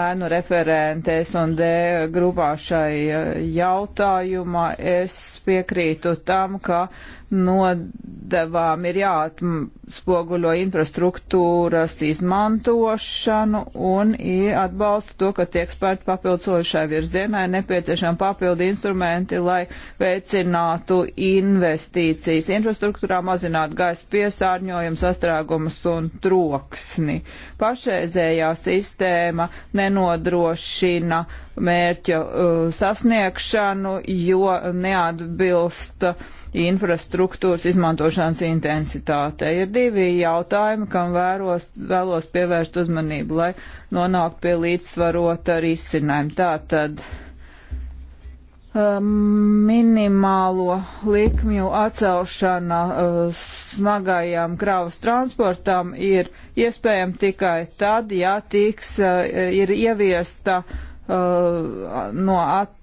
ēnu referente S&D grupā šai eh, jautājumā, es piekrītu tam, ka uh, nodevām ir jāatspoguļo infrastruktūras izmantošanu un atbalsta to, ka tiek spērti papildsošai virzienai nepieciešami papildi instrumenti, lai veicinātu investīcijas infrastruktūrā, mazinātu gaisa piesārņojumu, sastrēgumus un troksni. Pašreizējā sistēma nenodrošina mērķa uh, sasniegšanu, jo neatbilst infrastruktūra struktūras izmantošanas intensitāte. Ir divi jautājumi, kam vēros, vēlos pievērst uzmanību, lai nonāktu pie līdzsvarota risinājuma. Tātad um, minimālo likmju atcelšana uh, smagajām kravas transportam ir iespējama tikai tad, ja tiks, uh, ir ieviesta uh, no at,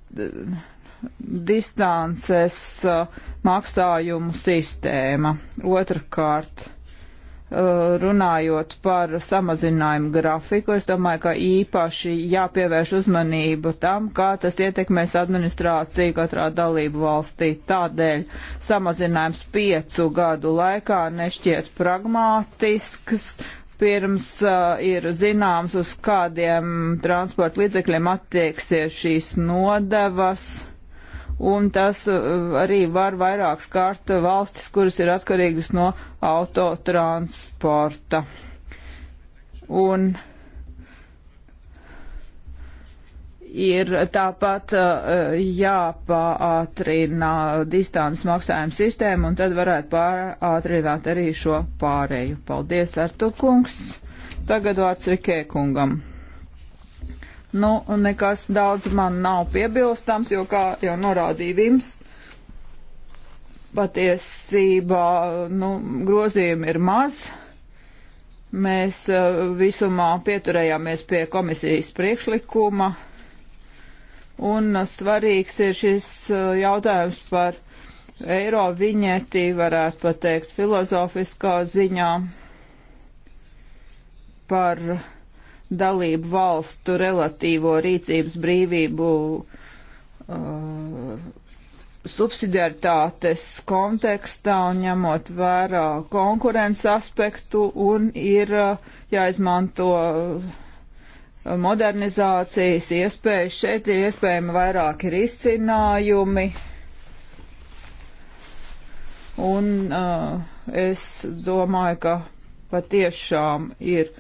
distances eh, maksājumu sistēma. Otrakārt, eh, runājot par samazinājumu grafiku, es domāju, ka īpaši jāpievērš uzmanība tam, kā tas ietekmēs administrāciju katrā dalību valstī. Tādēļ samazinājums piecu gadu laikā nešķiet pragmātisks. Pirms uh, ir zināms, uz kādiem transporta līdzekļiem attieksies šīs nodevas un tas uh, arī var vairāk skart valstis, kuras ir atkarīgas no autotransporta. Un ir tāpat uh, jāpātrina distances maksājuma sistēma, un tad varētu pārātrināt arī šo pārēju. Paldies, Artu kungs! Tagad vārds Rikē kungam. Nu, nekas daudz man nav piebilstams, jo, kā jau norādīja Vims, patiesībā nu, grozījumi ir maz. Mēs eh, visumā pieturējāmies pie komisijas priekšlikuma, un eh, svarīgs ir šis eh, jautājums par eiro viņetī, varētu pateikt, filozofiskā ziņā par dalību valstu relatīvo rīcības brīvību uh, subsidiaritātes kontekstā un ņemot vērā konkurences aspektu un ir uh, jāizmanto uh, modernizācijas iespējas. Šeit ir iespējami vairāki risinājumi. Un uh, es domāju, ka patiešām ir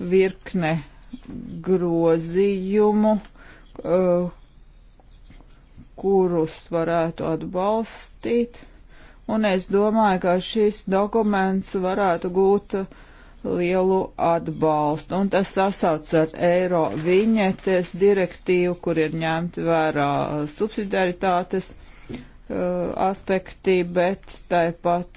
virkne grozījumu, uh, kurus varētu atbalstīt. Un es domāju, ka šis dokuments varētu gūt lielu atbalstu. Un tas sasauc ar eiro viņetes direktīvu, kur ir ņemti vērā subsidiaritātes uh, aspekti, bet tāpat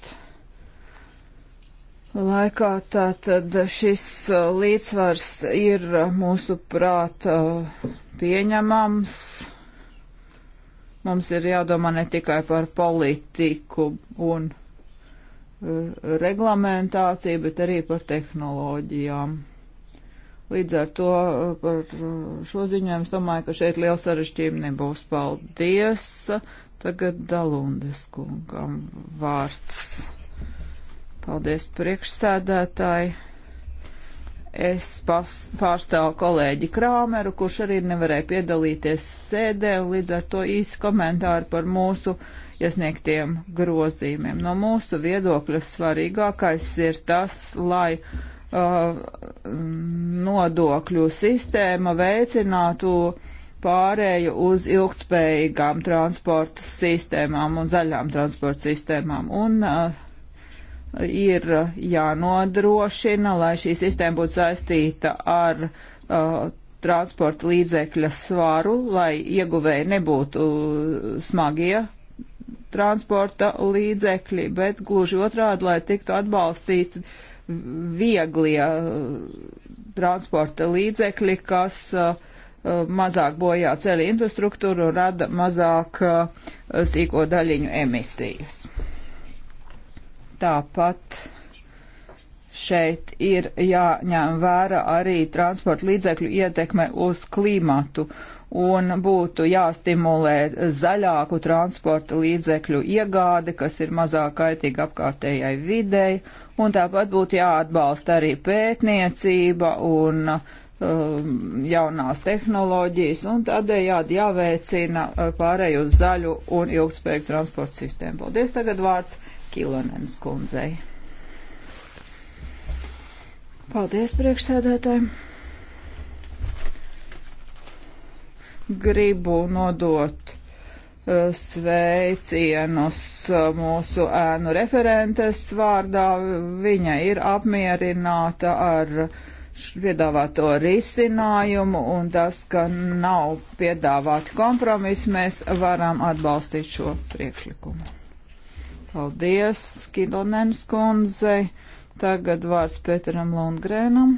laikā. Tātad šis uh, līdzsvars ir uh, mūsu prāta uh, pieņemams. Mums ir jādomā ne tikai par politiku un reglamentāciju, bet arī par tehnoloģijām. Līdz ar to par šo ziņojumu es domāju, ka šeit liels sarežģījumi nebūs. Paldies! Tagad Dalundes kungam vārds. Paldies priekšstādātāji. Es pārstāvu kolēģi Krāmeru, kurš arī nevarēja piedalīties sēdē, un līdz ar to īsi komentāri par mūsu iesniegtiem grozījumiem. No mūsu viedokļa svarīgākais ir tas, lai uh, nodokļu sistēma veicinātu pārēju uz ilgtspējīgām transporta sistēmām un zaļām transporta sistēmām. Un, uh, ir jānodrošina, lai šī sistēma būtu saistīta ar uh, transporta līdzekļa svaru, lai ieguvēji nebūtu uh, smagie transporta līdzekļi, bet gluži otrādi, lai tiktu atbalstīti vieglie uh, transporta līdzekļi, kas uh, uh mazāk bojā ceļa infrastruktūru un rada mazāk uh, sīko daļiņu emisijas. Tāpat šeit ir jāņem vērā arī transporta līdzekļu ietekme uz klimatu un būtu jāstimulē zaļāku transporta līdzekļu iegāde, kas ir mazāk kaitīga apkārtējai videi, un tāpat būtu jāatbalsta arī pētniecība un um, jaunās tehnoloģijas, un tādējādi jāveicina uh, pārēju uz zaļu un ilgspējīgu transporta sistēmu. Paldies, tagad vārds Kilonens kundzei. Paldies priekšsēdētājiem! Gribu nodot uh, sveicienus uh, mūsu ēnu referentes vārdā. Viņa ir apmierināta ar piedāvāto risinājumu un tas, ka nav piedāvāti kompromisi, mēs varam atbalstīt šo priekšlikumu. Paldies, Skidonens kundzei. Tagad vārds Pēteram Lundgrēnam.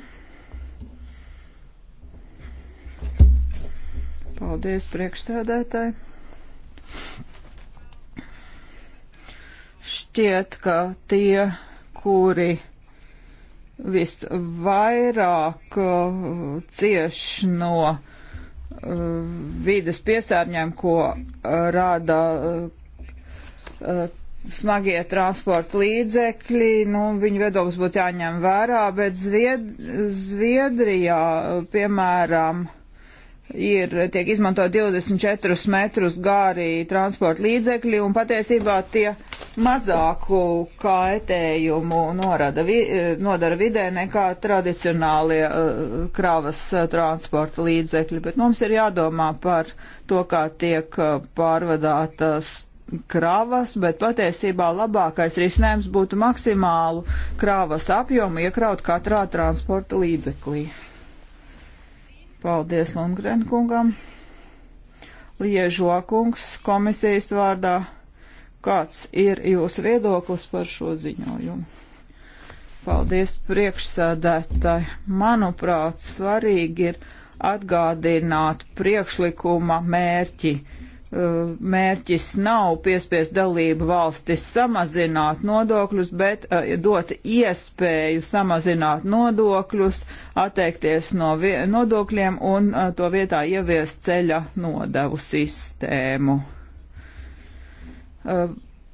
Paldies, priekšsēdētāji. Šķiet, ka tie, kuri visvairāk uh, cieš no uh, vides piesārņēm, ko uh, rada uh, smagie transporta līdzekļi, nu, viņu viedoklis būtu jāņem vērā, bet Zvied Zviedrijā, piemēram, ir, tiek izmantot 24 metrus gārī transporta līdzekļi un patiesībā tie mazāku kaitējumu norada, vi, nodara vidē nekā tradicionālie uh, kravas uh, transporta līdzekļi, bet mums ir jādomā par to, kā tiek uh, pārvadātas kravas, bet patiesībā labākais risinājums būtu maksimālu kravas apjomu iekraut katrā transporta līdzeklī. Paldies Lundgren kungam. Liežo kungs komisijas vārdā. Kāds ir jūsu viedoklis par šo ziņojumu? Paldies priekšsēdētāji. Manuprāt, svarīgi ir atgādināt priekšlikuma mērķi Uh, mērķis nav piespiest dalību valstis samazināt nodokļus, bet uh, dot iespēju samazināt nodokļus, atteikties no nodokļiem un uh, to vietā ieviest ceļa nodevu sistēmu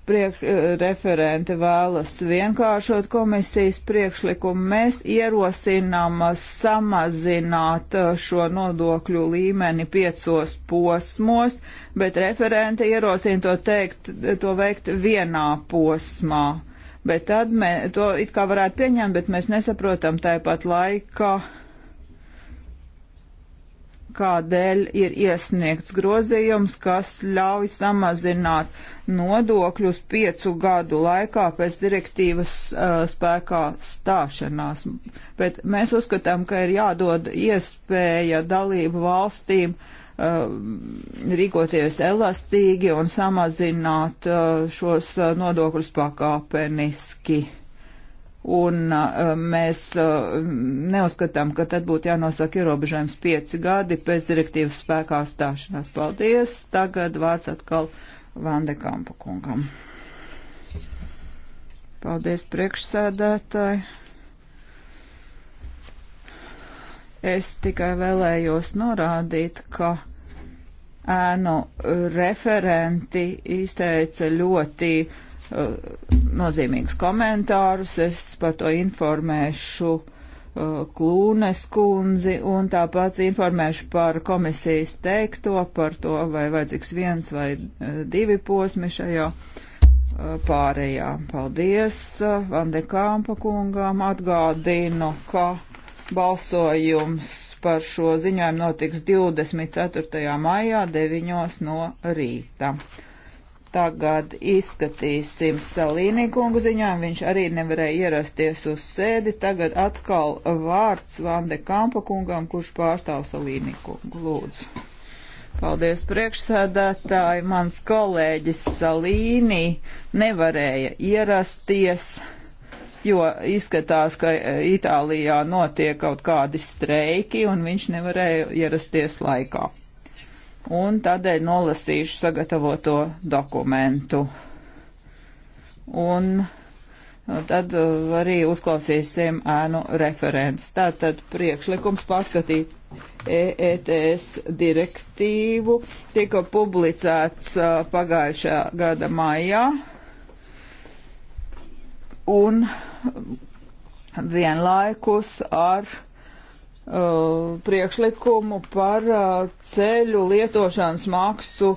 priekšreferente eh, vēlas vienkāršot komisijas priekšlikumu. Mēs ierosinām eh, samazināt eh, šo nodokļu līmeni piecos posmos, bet referente ierosina to, teikt, to veikt vienā posmā. Bet tad mēs to it kā varētu pieņemt, bet mēs nesaprotam tāpat laikā kādēļ ir iesniegts grozījums, kas ļauj samazināt nodokļus piecu gadu laikā pēc direktīvas uh, spēkā stāšanās. Bet mēs uzskatām, ka ir jādod iespēja dalību valstīm uh, rīkoties elastīgi un samazināt uh, šos uh, nodokļus pakāpeniski. Un uh, mēs uh, neuzskatām, ka tad būtu jānosaka ierobežojums pieci gadi pēc direktīvas spēkā stāšanās. Paldies! Tagad vārds atkal Vandekampa kungam. Paldies priekšsēdētāji. Es tikai vēlējos norādīt, ka ēnu referenti izteica ļoti uh, Uh, nozīmīgus komentārus. Es par to informēšu uh, Klūnes kundzi un tāpat informēšu par komisijas teikto, par to, vai vajadzīgs viens vai uh, divi posmi šajā pārējā. Paldies Vandekāmpa kungām. Atgādinu, ka balsojums par šo ziņojumu notiks 24. maijā 9 no rīta. Tagad izskatīsim Salīnī kungu ziņojumu. Viņš arī nevarēja ierasties uz sēdi. Tagad atkal vārds Vande Kampa kungam, kurš pārstāv Salīnī kungu. Lūdzu. Paldies priekšsēdētāji. Mans kolēģis Salīnī nevarēja ierasties, jo izskatās, ka e, Itālijā notiek kaut kādi streiki un viņš nevarēja ierasties laikā un tādēļ nolasīšu sagatavoto dokumentu. Un uh, tad uh, arī uzklausīsim ēnu referents. Tātad priekšlikums paskatīt EETS direktīvu tika publicēts uh, pagājušā gada maijā. Un vienlaikus ar Uh, priekšlikumu par uh, ceļu lietošanas maksu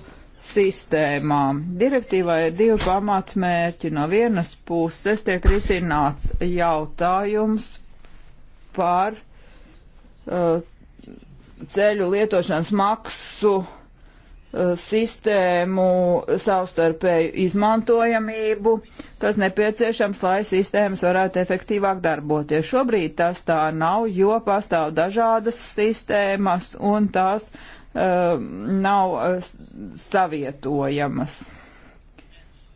sistēmām. Direktīvā ir divi pamatmērķi. No vienas puses tiek risināts jautājums par uh, ceļu lietošanas maksu uh, sistēmu savstarpēju izmantojamību, kas nepieciešams, lai sistēmas varētu efektīvāk darboties. Šobrīd tas tā nav, jo pastāv dažādas sistēmas un tās uh, nav uh, savietojamas.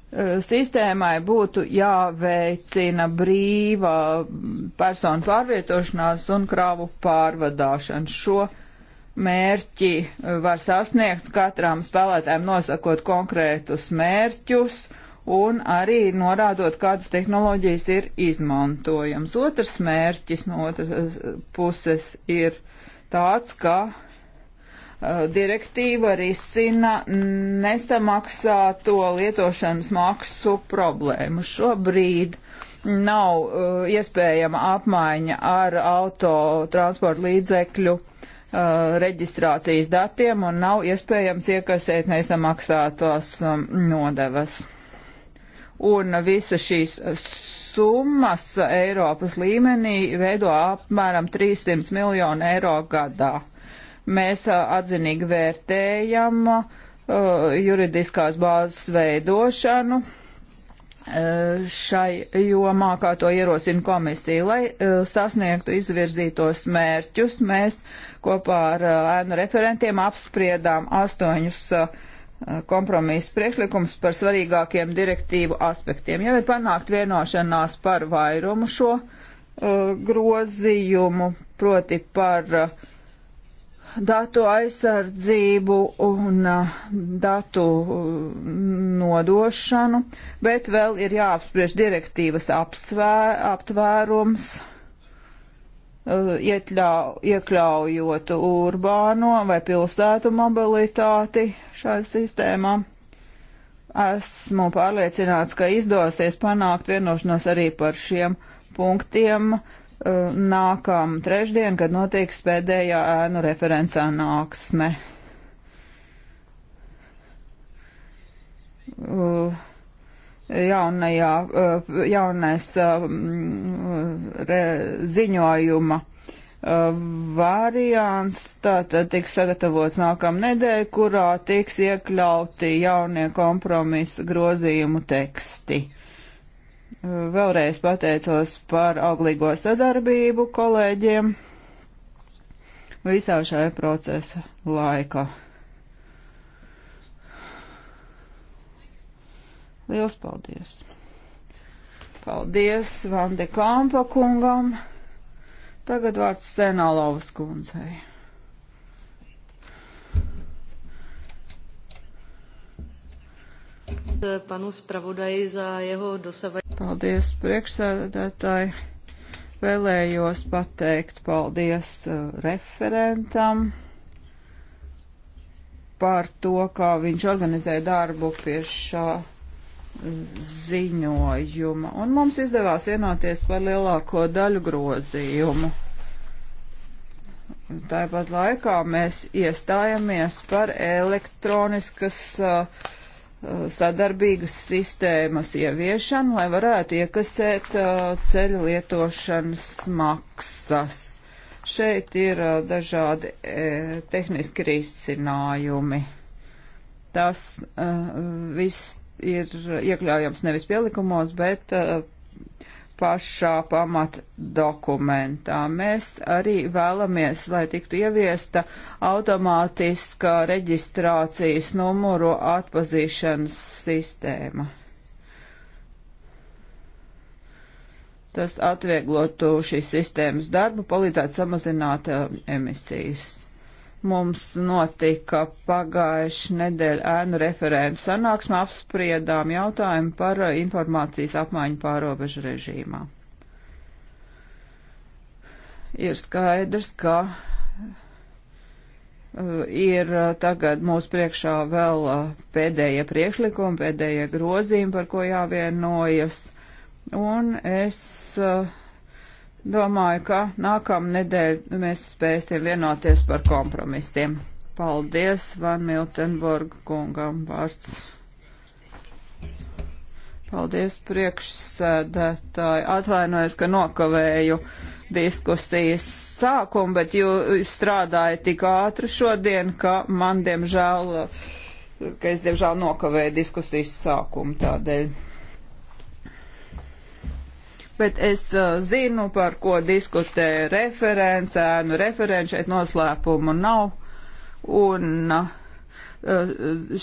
Uh, sistēmai būtu jāveicina brīva personu pārvietošanās un kravu pārvadāšana. Šo uh, mērķi eh, var sasniegt katram spēlētājam nosakot konkrētus mērķus un arī norādot, kādas tehnoloģijas ir izmantojams. Otrs mērķis no otras eh, puses ir tāds, ka eh, direktīva risina nesamaksāto lietošanas maksu problēmu. Šobrīd nav uh, iespējama apmaiņa ar autotransporta līdzekļu Uh, reģistrācijas datiem un nav iespējams iekasēt nesamaksātās um, nodevas. Un visa šīs summas Eiropas līmenī veido apmēram 300 miljonu eiro gadā. Mēs uh, atzinīgi vērtējam uh, juridiskās bāzes veidošanu Eh, šai jomā, kā to ierosina komisija, lai eh, sasniegtu izvirzītos mērķus. Mēs kopā ar eh, ēnu referentiem apspriedām astoņus kompromisu priekšlikums par svarīgākiem direktīvu aspektiem. Jau ir panākt vienošanās par vairumu šo grozījumu, proti par uh, datu aizsardzību un eh, datu mm, nodošanu, bet vēl ir jāapspriež direktīvas apsvēr, aptvērums, eh, ietļau, iekļaujot urbāno vai pilsētu mobilitāti šajā sistēmā. Esmu pārliecināts, ka izdosies panākt vienošanos arī par šiem punktiem Uh, nākam trešdien, kad notiks pēdējā ēnu referencā nāksme. Uh, jaunajā, uh, jaunais mm, re, ziņojuma variants tātad tiks sagatavots nākamnedēļ, kurā tiks iekļauti jaunie kompromisa grozījumu teksti Vēlreiz pateicos par auglīgo sadarbību kolēģiem visā šajā procesa laikā. Liels paldies! Paldies Vande Kampa kungam! Tagad vārds Senalovas kundzei. Panu Spravodaji za jeho dosavai. Paldies, priekšsēdētāji. Vēlējos pateikt paldies eh, referentam par to, kā viņš organizēja darbu pie šā mm, ziņojuma. Un mums izdevās vienoties par lielāko daļu grozījumu. Tāpat laikā mēs iestājamies par elektroniskas uh, Uh, sadarbīgas sistēmas ieviešanu, lai varētu iekasēt uh, ceļu lietošanas maksas. Šeit ir uh, dažādi e, tehniski risinājumi. Tas viss ir iekļaujams nevis pielikumos, bet pašā pamat dokumentā. Mēs arī vēlamies, lai tiktu ieviesta automātiskā reģistrācijas numuru atpazīšanas sistēma. Tas atvieglotu šīs sistēmas darbu, palīdzētu samazināt um, emisijas. Mums notika pagājuši nedēļa ēnu referēnu sanāksmē apspriedām jautājumu par informācijas apmaiņu pārobežu režīmā. Ir skaidrs, ka uh, ir uh, tagad mūsu priekšā vēl uh, pēdējie priekšlikumi, pēdējie grozījumi, par ko jāvienojas. Un es uh, Domāju, ka nākamnedēļ mēs spēsim vienoties par kompromisiem. Paldies Van Miltenborg kungam vārds. Paldies priekšsēdētāji. Atvainojos, ka nokavēju diskusijas sākumu, bet jūs strādājat tik ātri šodien, ka man diemžēl, ka es diemžēl nokavēju diskusijas sākumu tādēļ bet es uh, zinu, par ko diskutē referents, ēnu referents, šeit noslēpuma nav. Un uh,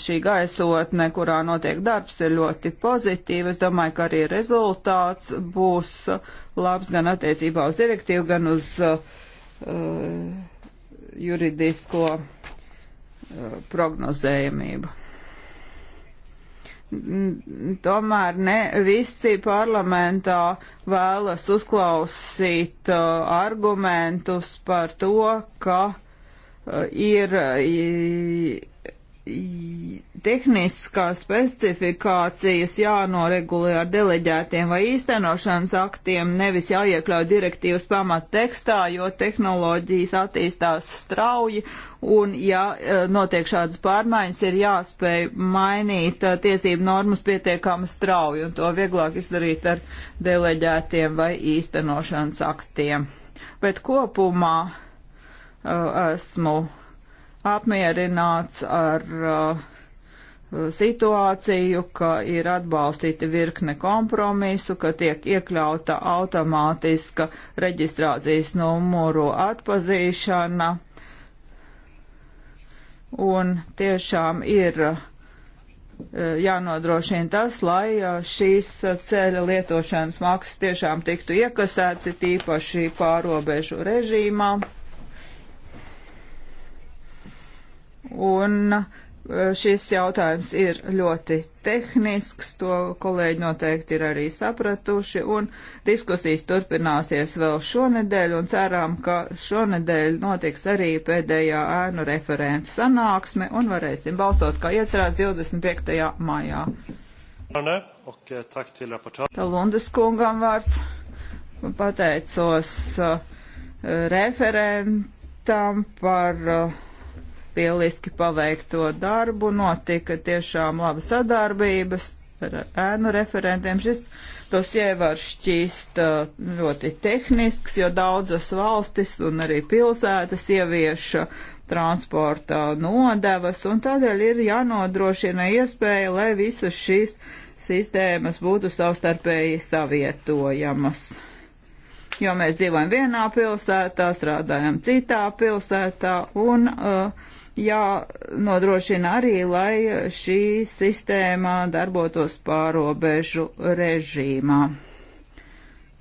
šī gaisotne, kurā notiek darbs, ir ļoti pozitīva. Es domāju, ka arī rezultāts būs labs gan attiecībā uz direktīvu, gan uz uh, juridisko prognozējamību. Mm, tomēr ne visi parlamentā vēlas uzklausīt uh, argumentus par to, ka uh, ir. Uh, tehniskās specifikācijas jānoregulē ar deleģētiem vai īstenošanas aktiem, nevis jāiekļauj direktīvas pamattekstā, jo tehnoloģijas attīstās strauji un, ja e, notiek šādas pārmaiņas, ir jāspēj mainīt e, tiesību normas pietiekami strauji un to vieglāk izdarīt ar deleģētiem vai īstenošanas aktiem. Bet kopumā uh, esmu apmierināts ar uh, situāciju, ka ir atbalstīti virkne kompromisu, ka tiek iekļauta automātiska reģistrācijas numuru atpazīšana. Un tiešām ir uh, jānodrošina tas, lai uh, šīs ceļa lietošanas maksas tiešām tiktu iekasēts, it īpaši pārobežu režīmā. Un e, šis jautājums ir ļoti tehnisks, to kolēģi noteikti ir arī sapratuši, un diskusijas turpināsies vēl šonedēļ, un cerām, ka šonedēļ notiks arī pēdējā ēnu referentu sanāksme, un varēsim balsot, kā iecerēts 25. maijā. Lundes kungam vārds pateicos uh, referentam par uh, lieliski paveikto darbu, notika tiešām laba sadarbības ar ēnu referentiem. Šis dosie var šķīst uh, ļoti tehnisks, jo daudzas valstis un arī pilsētas ievieša transporta nodevas, un tādēļ ir jānodrošina iespēja, lai visas šīs sistēmas būtu savstarpēji savietojamas. Jo mēs dzīvojam vienā pilsētā, strādājam citā pilsētā, un uh, jānodrošina arī, lai šī sistēma darbotos pārobežu režīmā.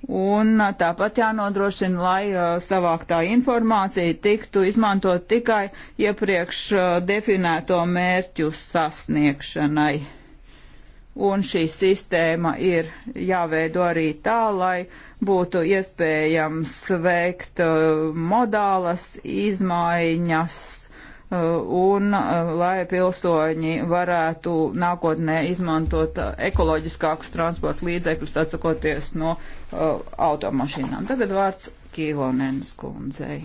Un tāpat jānodrošina, lai uh, savāktā informācija tiktu izmantot tikai iepriekš uh, definēto mērķu sasniegšanai. Un šī sistēma ir jāveido arī tā, lai būtu iespējams veikt uh, modālas izmaiņas Uh, un uh, lai pilsoņi varētu nākotnē izmantot uh, ekoloģiskākus transporta līdzekļus, atsakoties no uh, automašīnām. Tagad vārds Kīlonenes kundzei.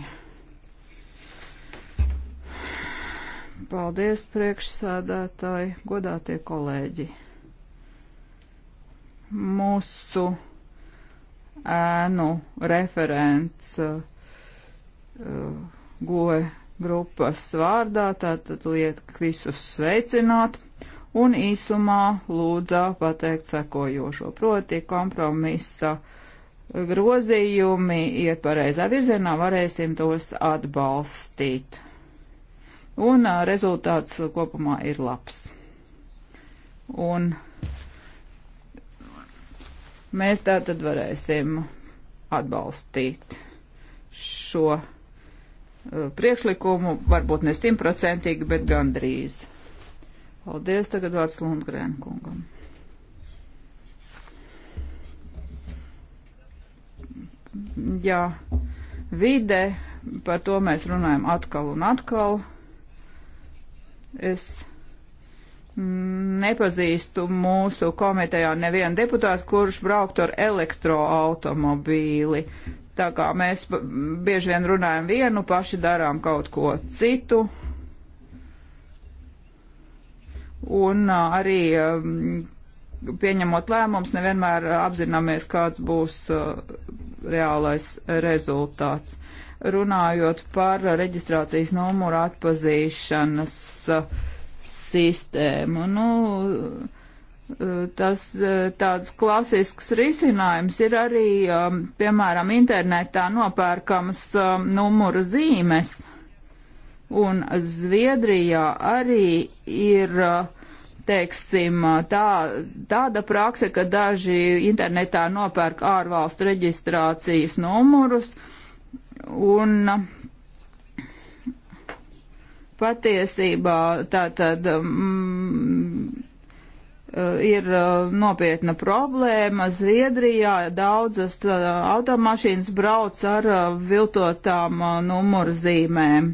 Paldies, priekšsādātāji, godātie kolēģi. Mūsu ēnu referents uh, uh, goja grupas vārdā, tātad liek visus sveicināt un īsumā lūdzā pateikt sekojošo. Proti kompromisa grozījumi iet pareizā virzienā, varēsim tos atbalstīt. Un rezultāts kopumā ir labs. Un mēs tā tad varēsim atbalstīt šo Eh, priekšlikumu, varbūt ne simtprocentīgi, bet gandrīz. Paldies, tagad vārds Lundgrēn kungam. Jā, vide, par to mēs runājam atkal un atkal. Es nepazīstu mūsu komitejā nevienu deputātu, kurš brauktu ar elektroautomobīli. Tā kā mēs bieži vien runājam vienu, paši darām kaut ko citu. Un arī pieņemot lēmums, nevienmēr apzināmies, kāds būs reālais rezultāts. Runājot par reģistrācijas numuru atpazīšanas sistēmu, nu, tas e, tāds klasisks risinājums ir arī, e, piemēram, internetā nopērkamas e, numuru zīmes. Un Zviedrijā arī ir, teiksim, tā, tāda prakse, ka daži internetā nopērk ārvalstu reģistrācijas numurus. Un patiesībā tā tad. Mm, Eh, ir eh, nopietna problēma. Zviedrijā daudzas eh, automašīnas brauc ar viltotām numurzīmēm.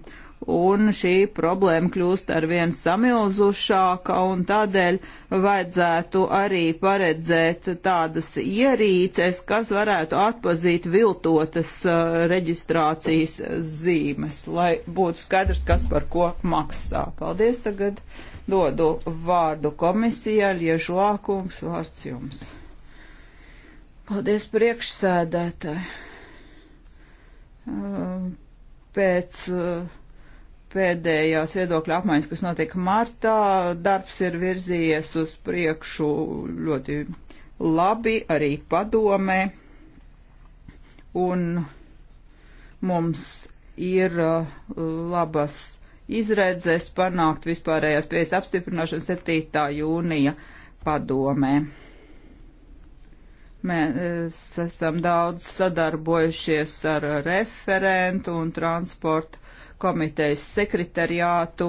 Un šī problēma kļūst ar vien samilzušāka, un tādēļ vajadzētu arī paredzēt tādas ierīces, kas varētu atpazīt viltotas uh, reģistrācijas zīmes, lai būtu skaidrs, kas par ko maksā. Paldies tagad! Uh, dodu vārdu komisijā, Liežuākungs, vārds jums. Paldies priekšsēdētāji. Pēc pēdējās viedokļa apmaiņas, kas notika martā, darbs ir virzījies uz priekšu ļoti labi arī padomē. Un mums ir labas izredzes panākt vispārējās pieejas apstiprināšanu 7. jūnija padomē. Mēs esam daudz sadarbojušies ar referentu un transporta komitejas sekretariātu,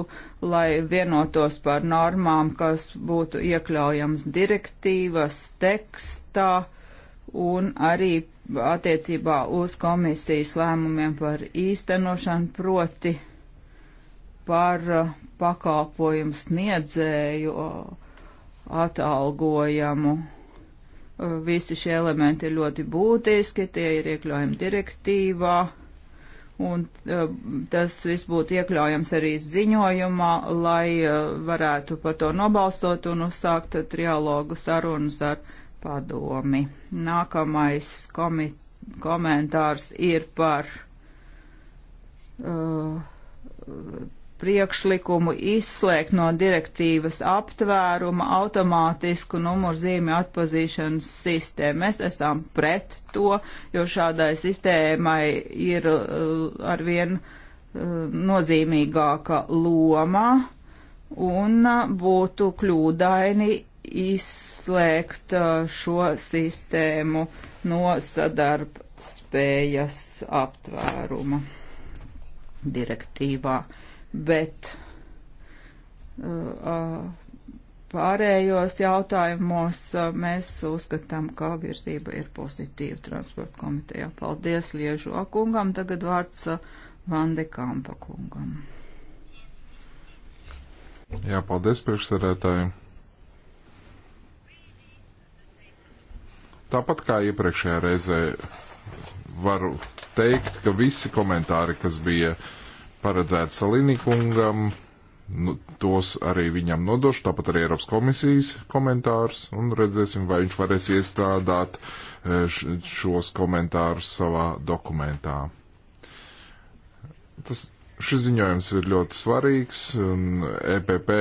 lai vienotos par normām, kas būtu iekļaujams direktīvas tekstā un arī attiecībā uz komisijas lēmumiem par īstenošanu proti par uh, pakalpojumu sniedzēju atalgojamu. Uh, visi šie elementi ir ļoti būtiski, tie ir iekļaujami direktīvā, un uh, tas viss būtu iekļaujams arī ziņojumā, lai varētu par to nobalstot un uzsākt trialogu sarunas ar padomi. Nākamais komentārs ir par. Uh, priekšlikumu izslēgt no direktīvas aptvēruma automātisku numurzīmju atpazīšanas sistēmu. Mēs esam pret to, jo šādai sistēmai ir uh, arvien uh, nozīmīgāka loma un uh, būtu kļūdaini izslēgt šo sistēmu no sadarbspējas aptvēruma direktīvā bet uh, pārējos jautājumos mēs uzskatām, ka virzība ir pozitīva transporta komitejā. Paldies Liežu akungam, tagad vārds Vande Kampa kungam. Jā, paldies priekšsarētājiem. Tāpat kā iepriekšējā reizē varu teikt, ka visi komentāri, kas bija uh, paredzēts Salinīkungam, nu, tos arī viņam nodošu, tāpat arī Eiropas komisijas komentārs, un redzēsim, vai viņš varēs iestrādāt e, šos komentārus savā dokumentā. Tas, šis ziņojums ir ļoti svarīgs, un EPP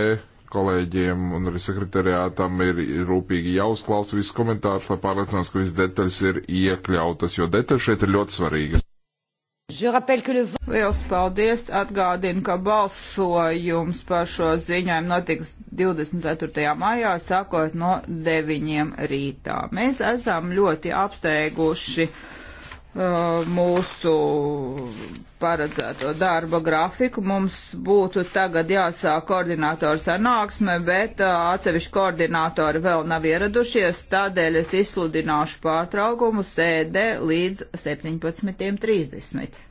kolēģiem un arī sekretariātam ir rūpīgi jāuzklausa viss komentārs, lai pārliecinātos, ka viss detaļas ir iekļautas, jo detaļas šeit ir ļoti svarīgas. Liels paldies! Atgādinu, ka balsojums par šo ziņojumu notiks 24. maijā, sākot no 9. rītā. Mēs esam ļoti apsteiguši. Uh, mūsu paredzēto darba grafiku. Mums būtu tagad jāsāk koordinātoru sanāksme, bet uh, atsevišķi koordinātori vēl nav ieradušies, tādēļ es izsludināšu pārtraukumu sēdē līdz 17.30.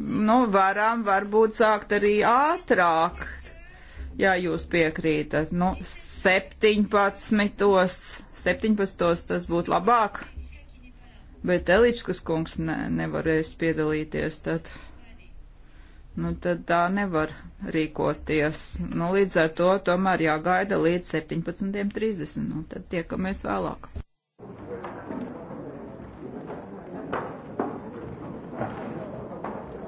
Nu, varam varbūt sākt arī ātrāk, ja jūs piekrītat. Nu, 17. 17. tas būtu labāk, bet Eličkas kungs ne, nevarēs piedalīties tad. Nu, tad tā nevar rīkoties. Nu, līdz ar to tomēr jāgaida līdz 17.30. Nu, tad tiekamies vēlāk.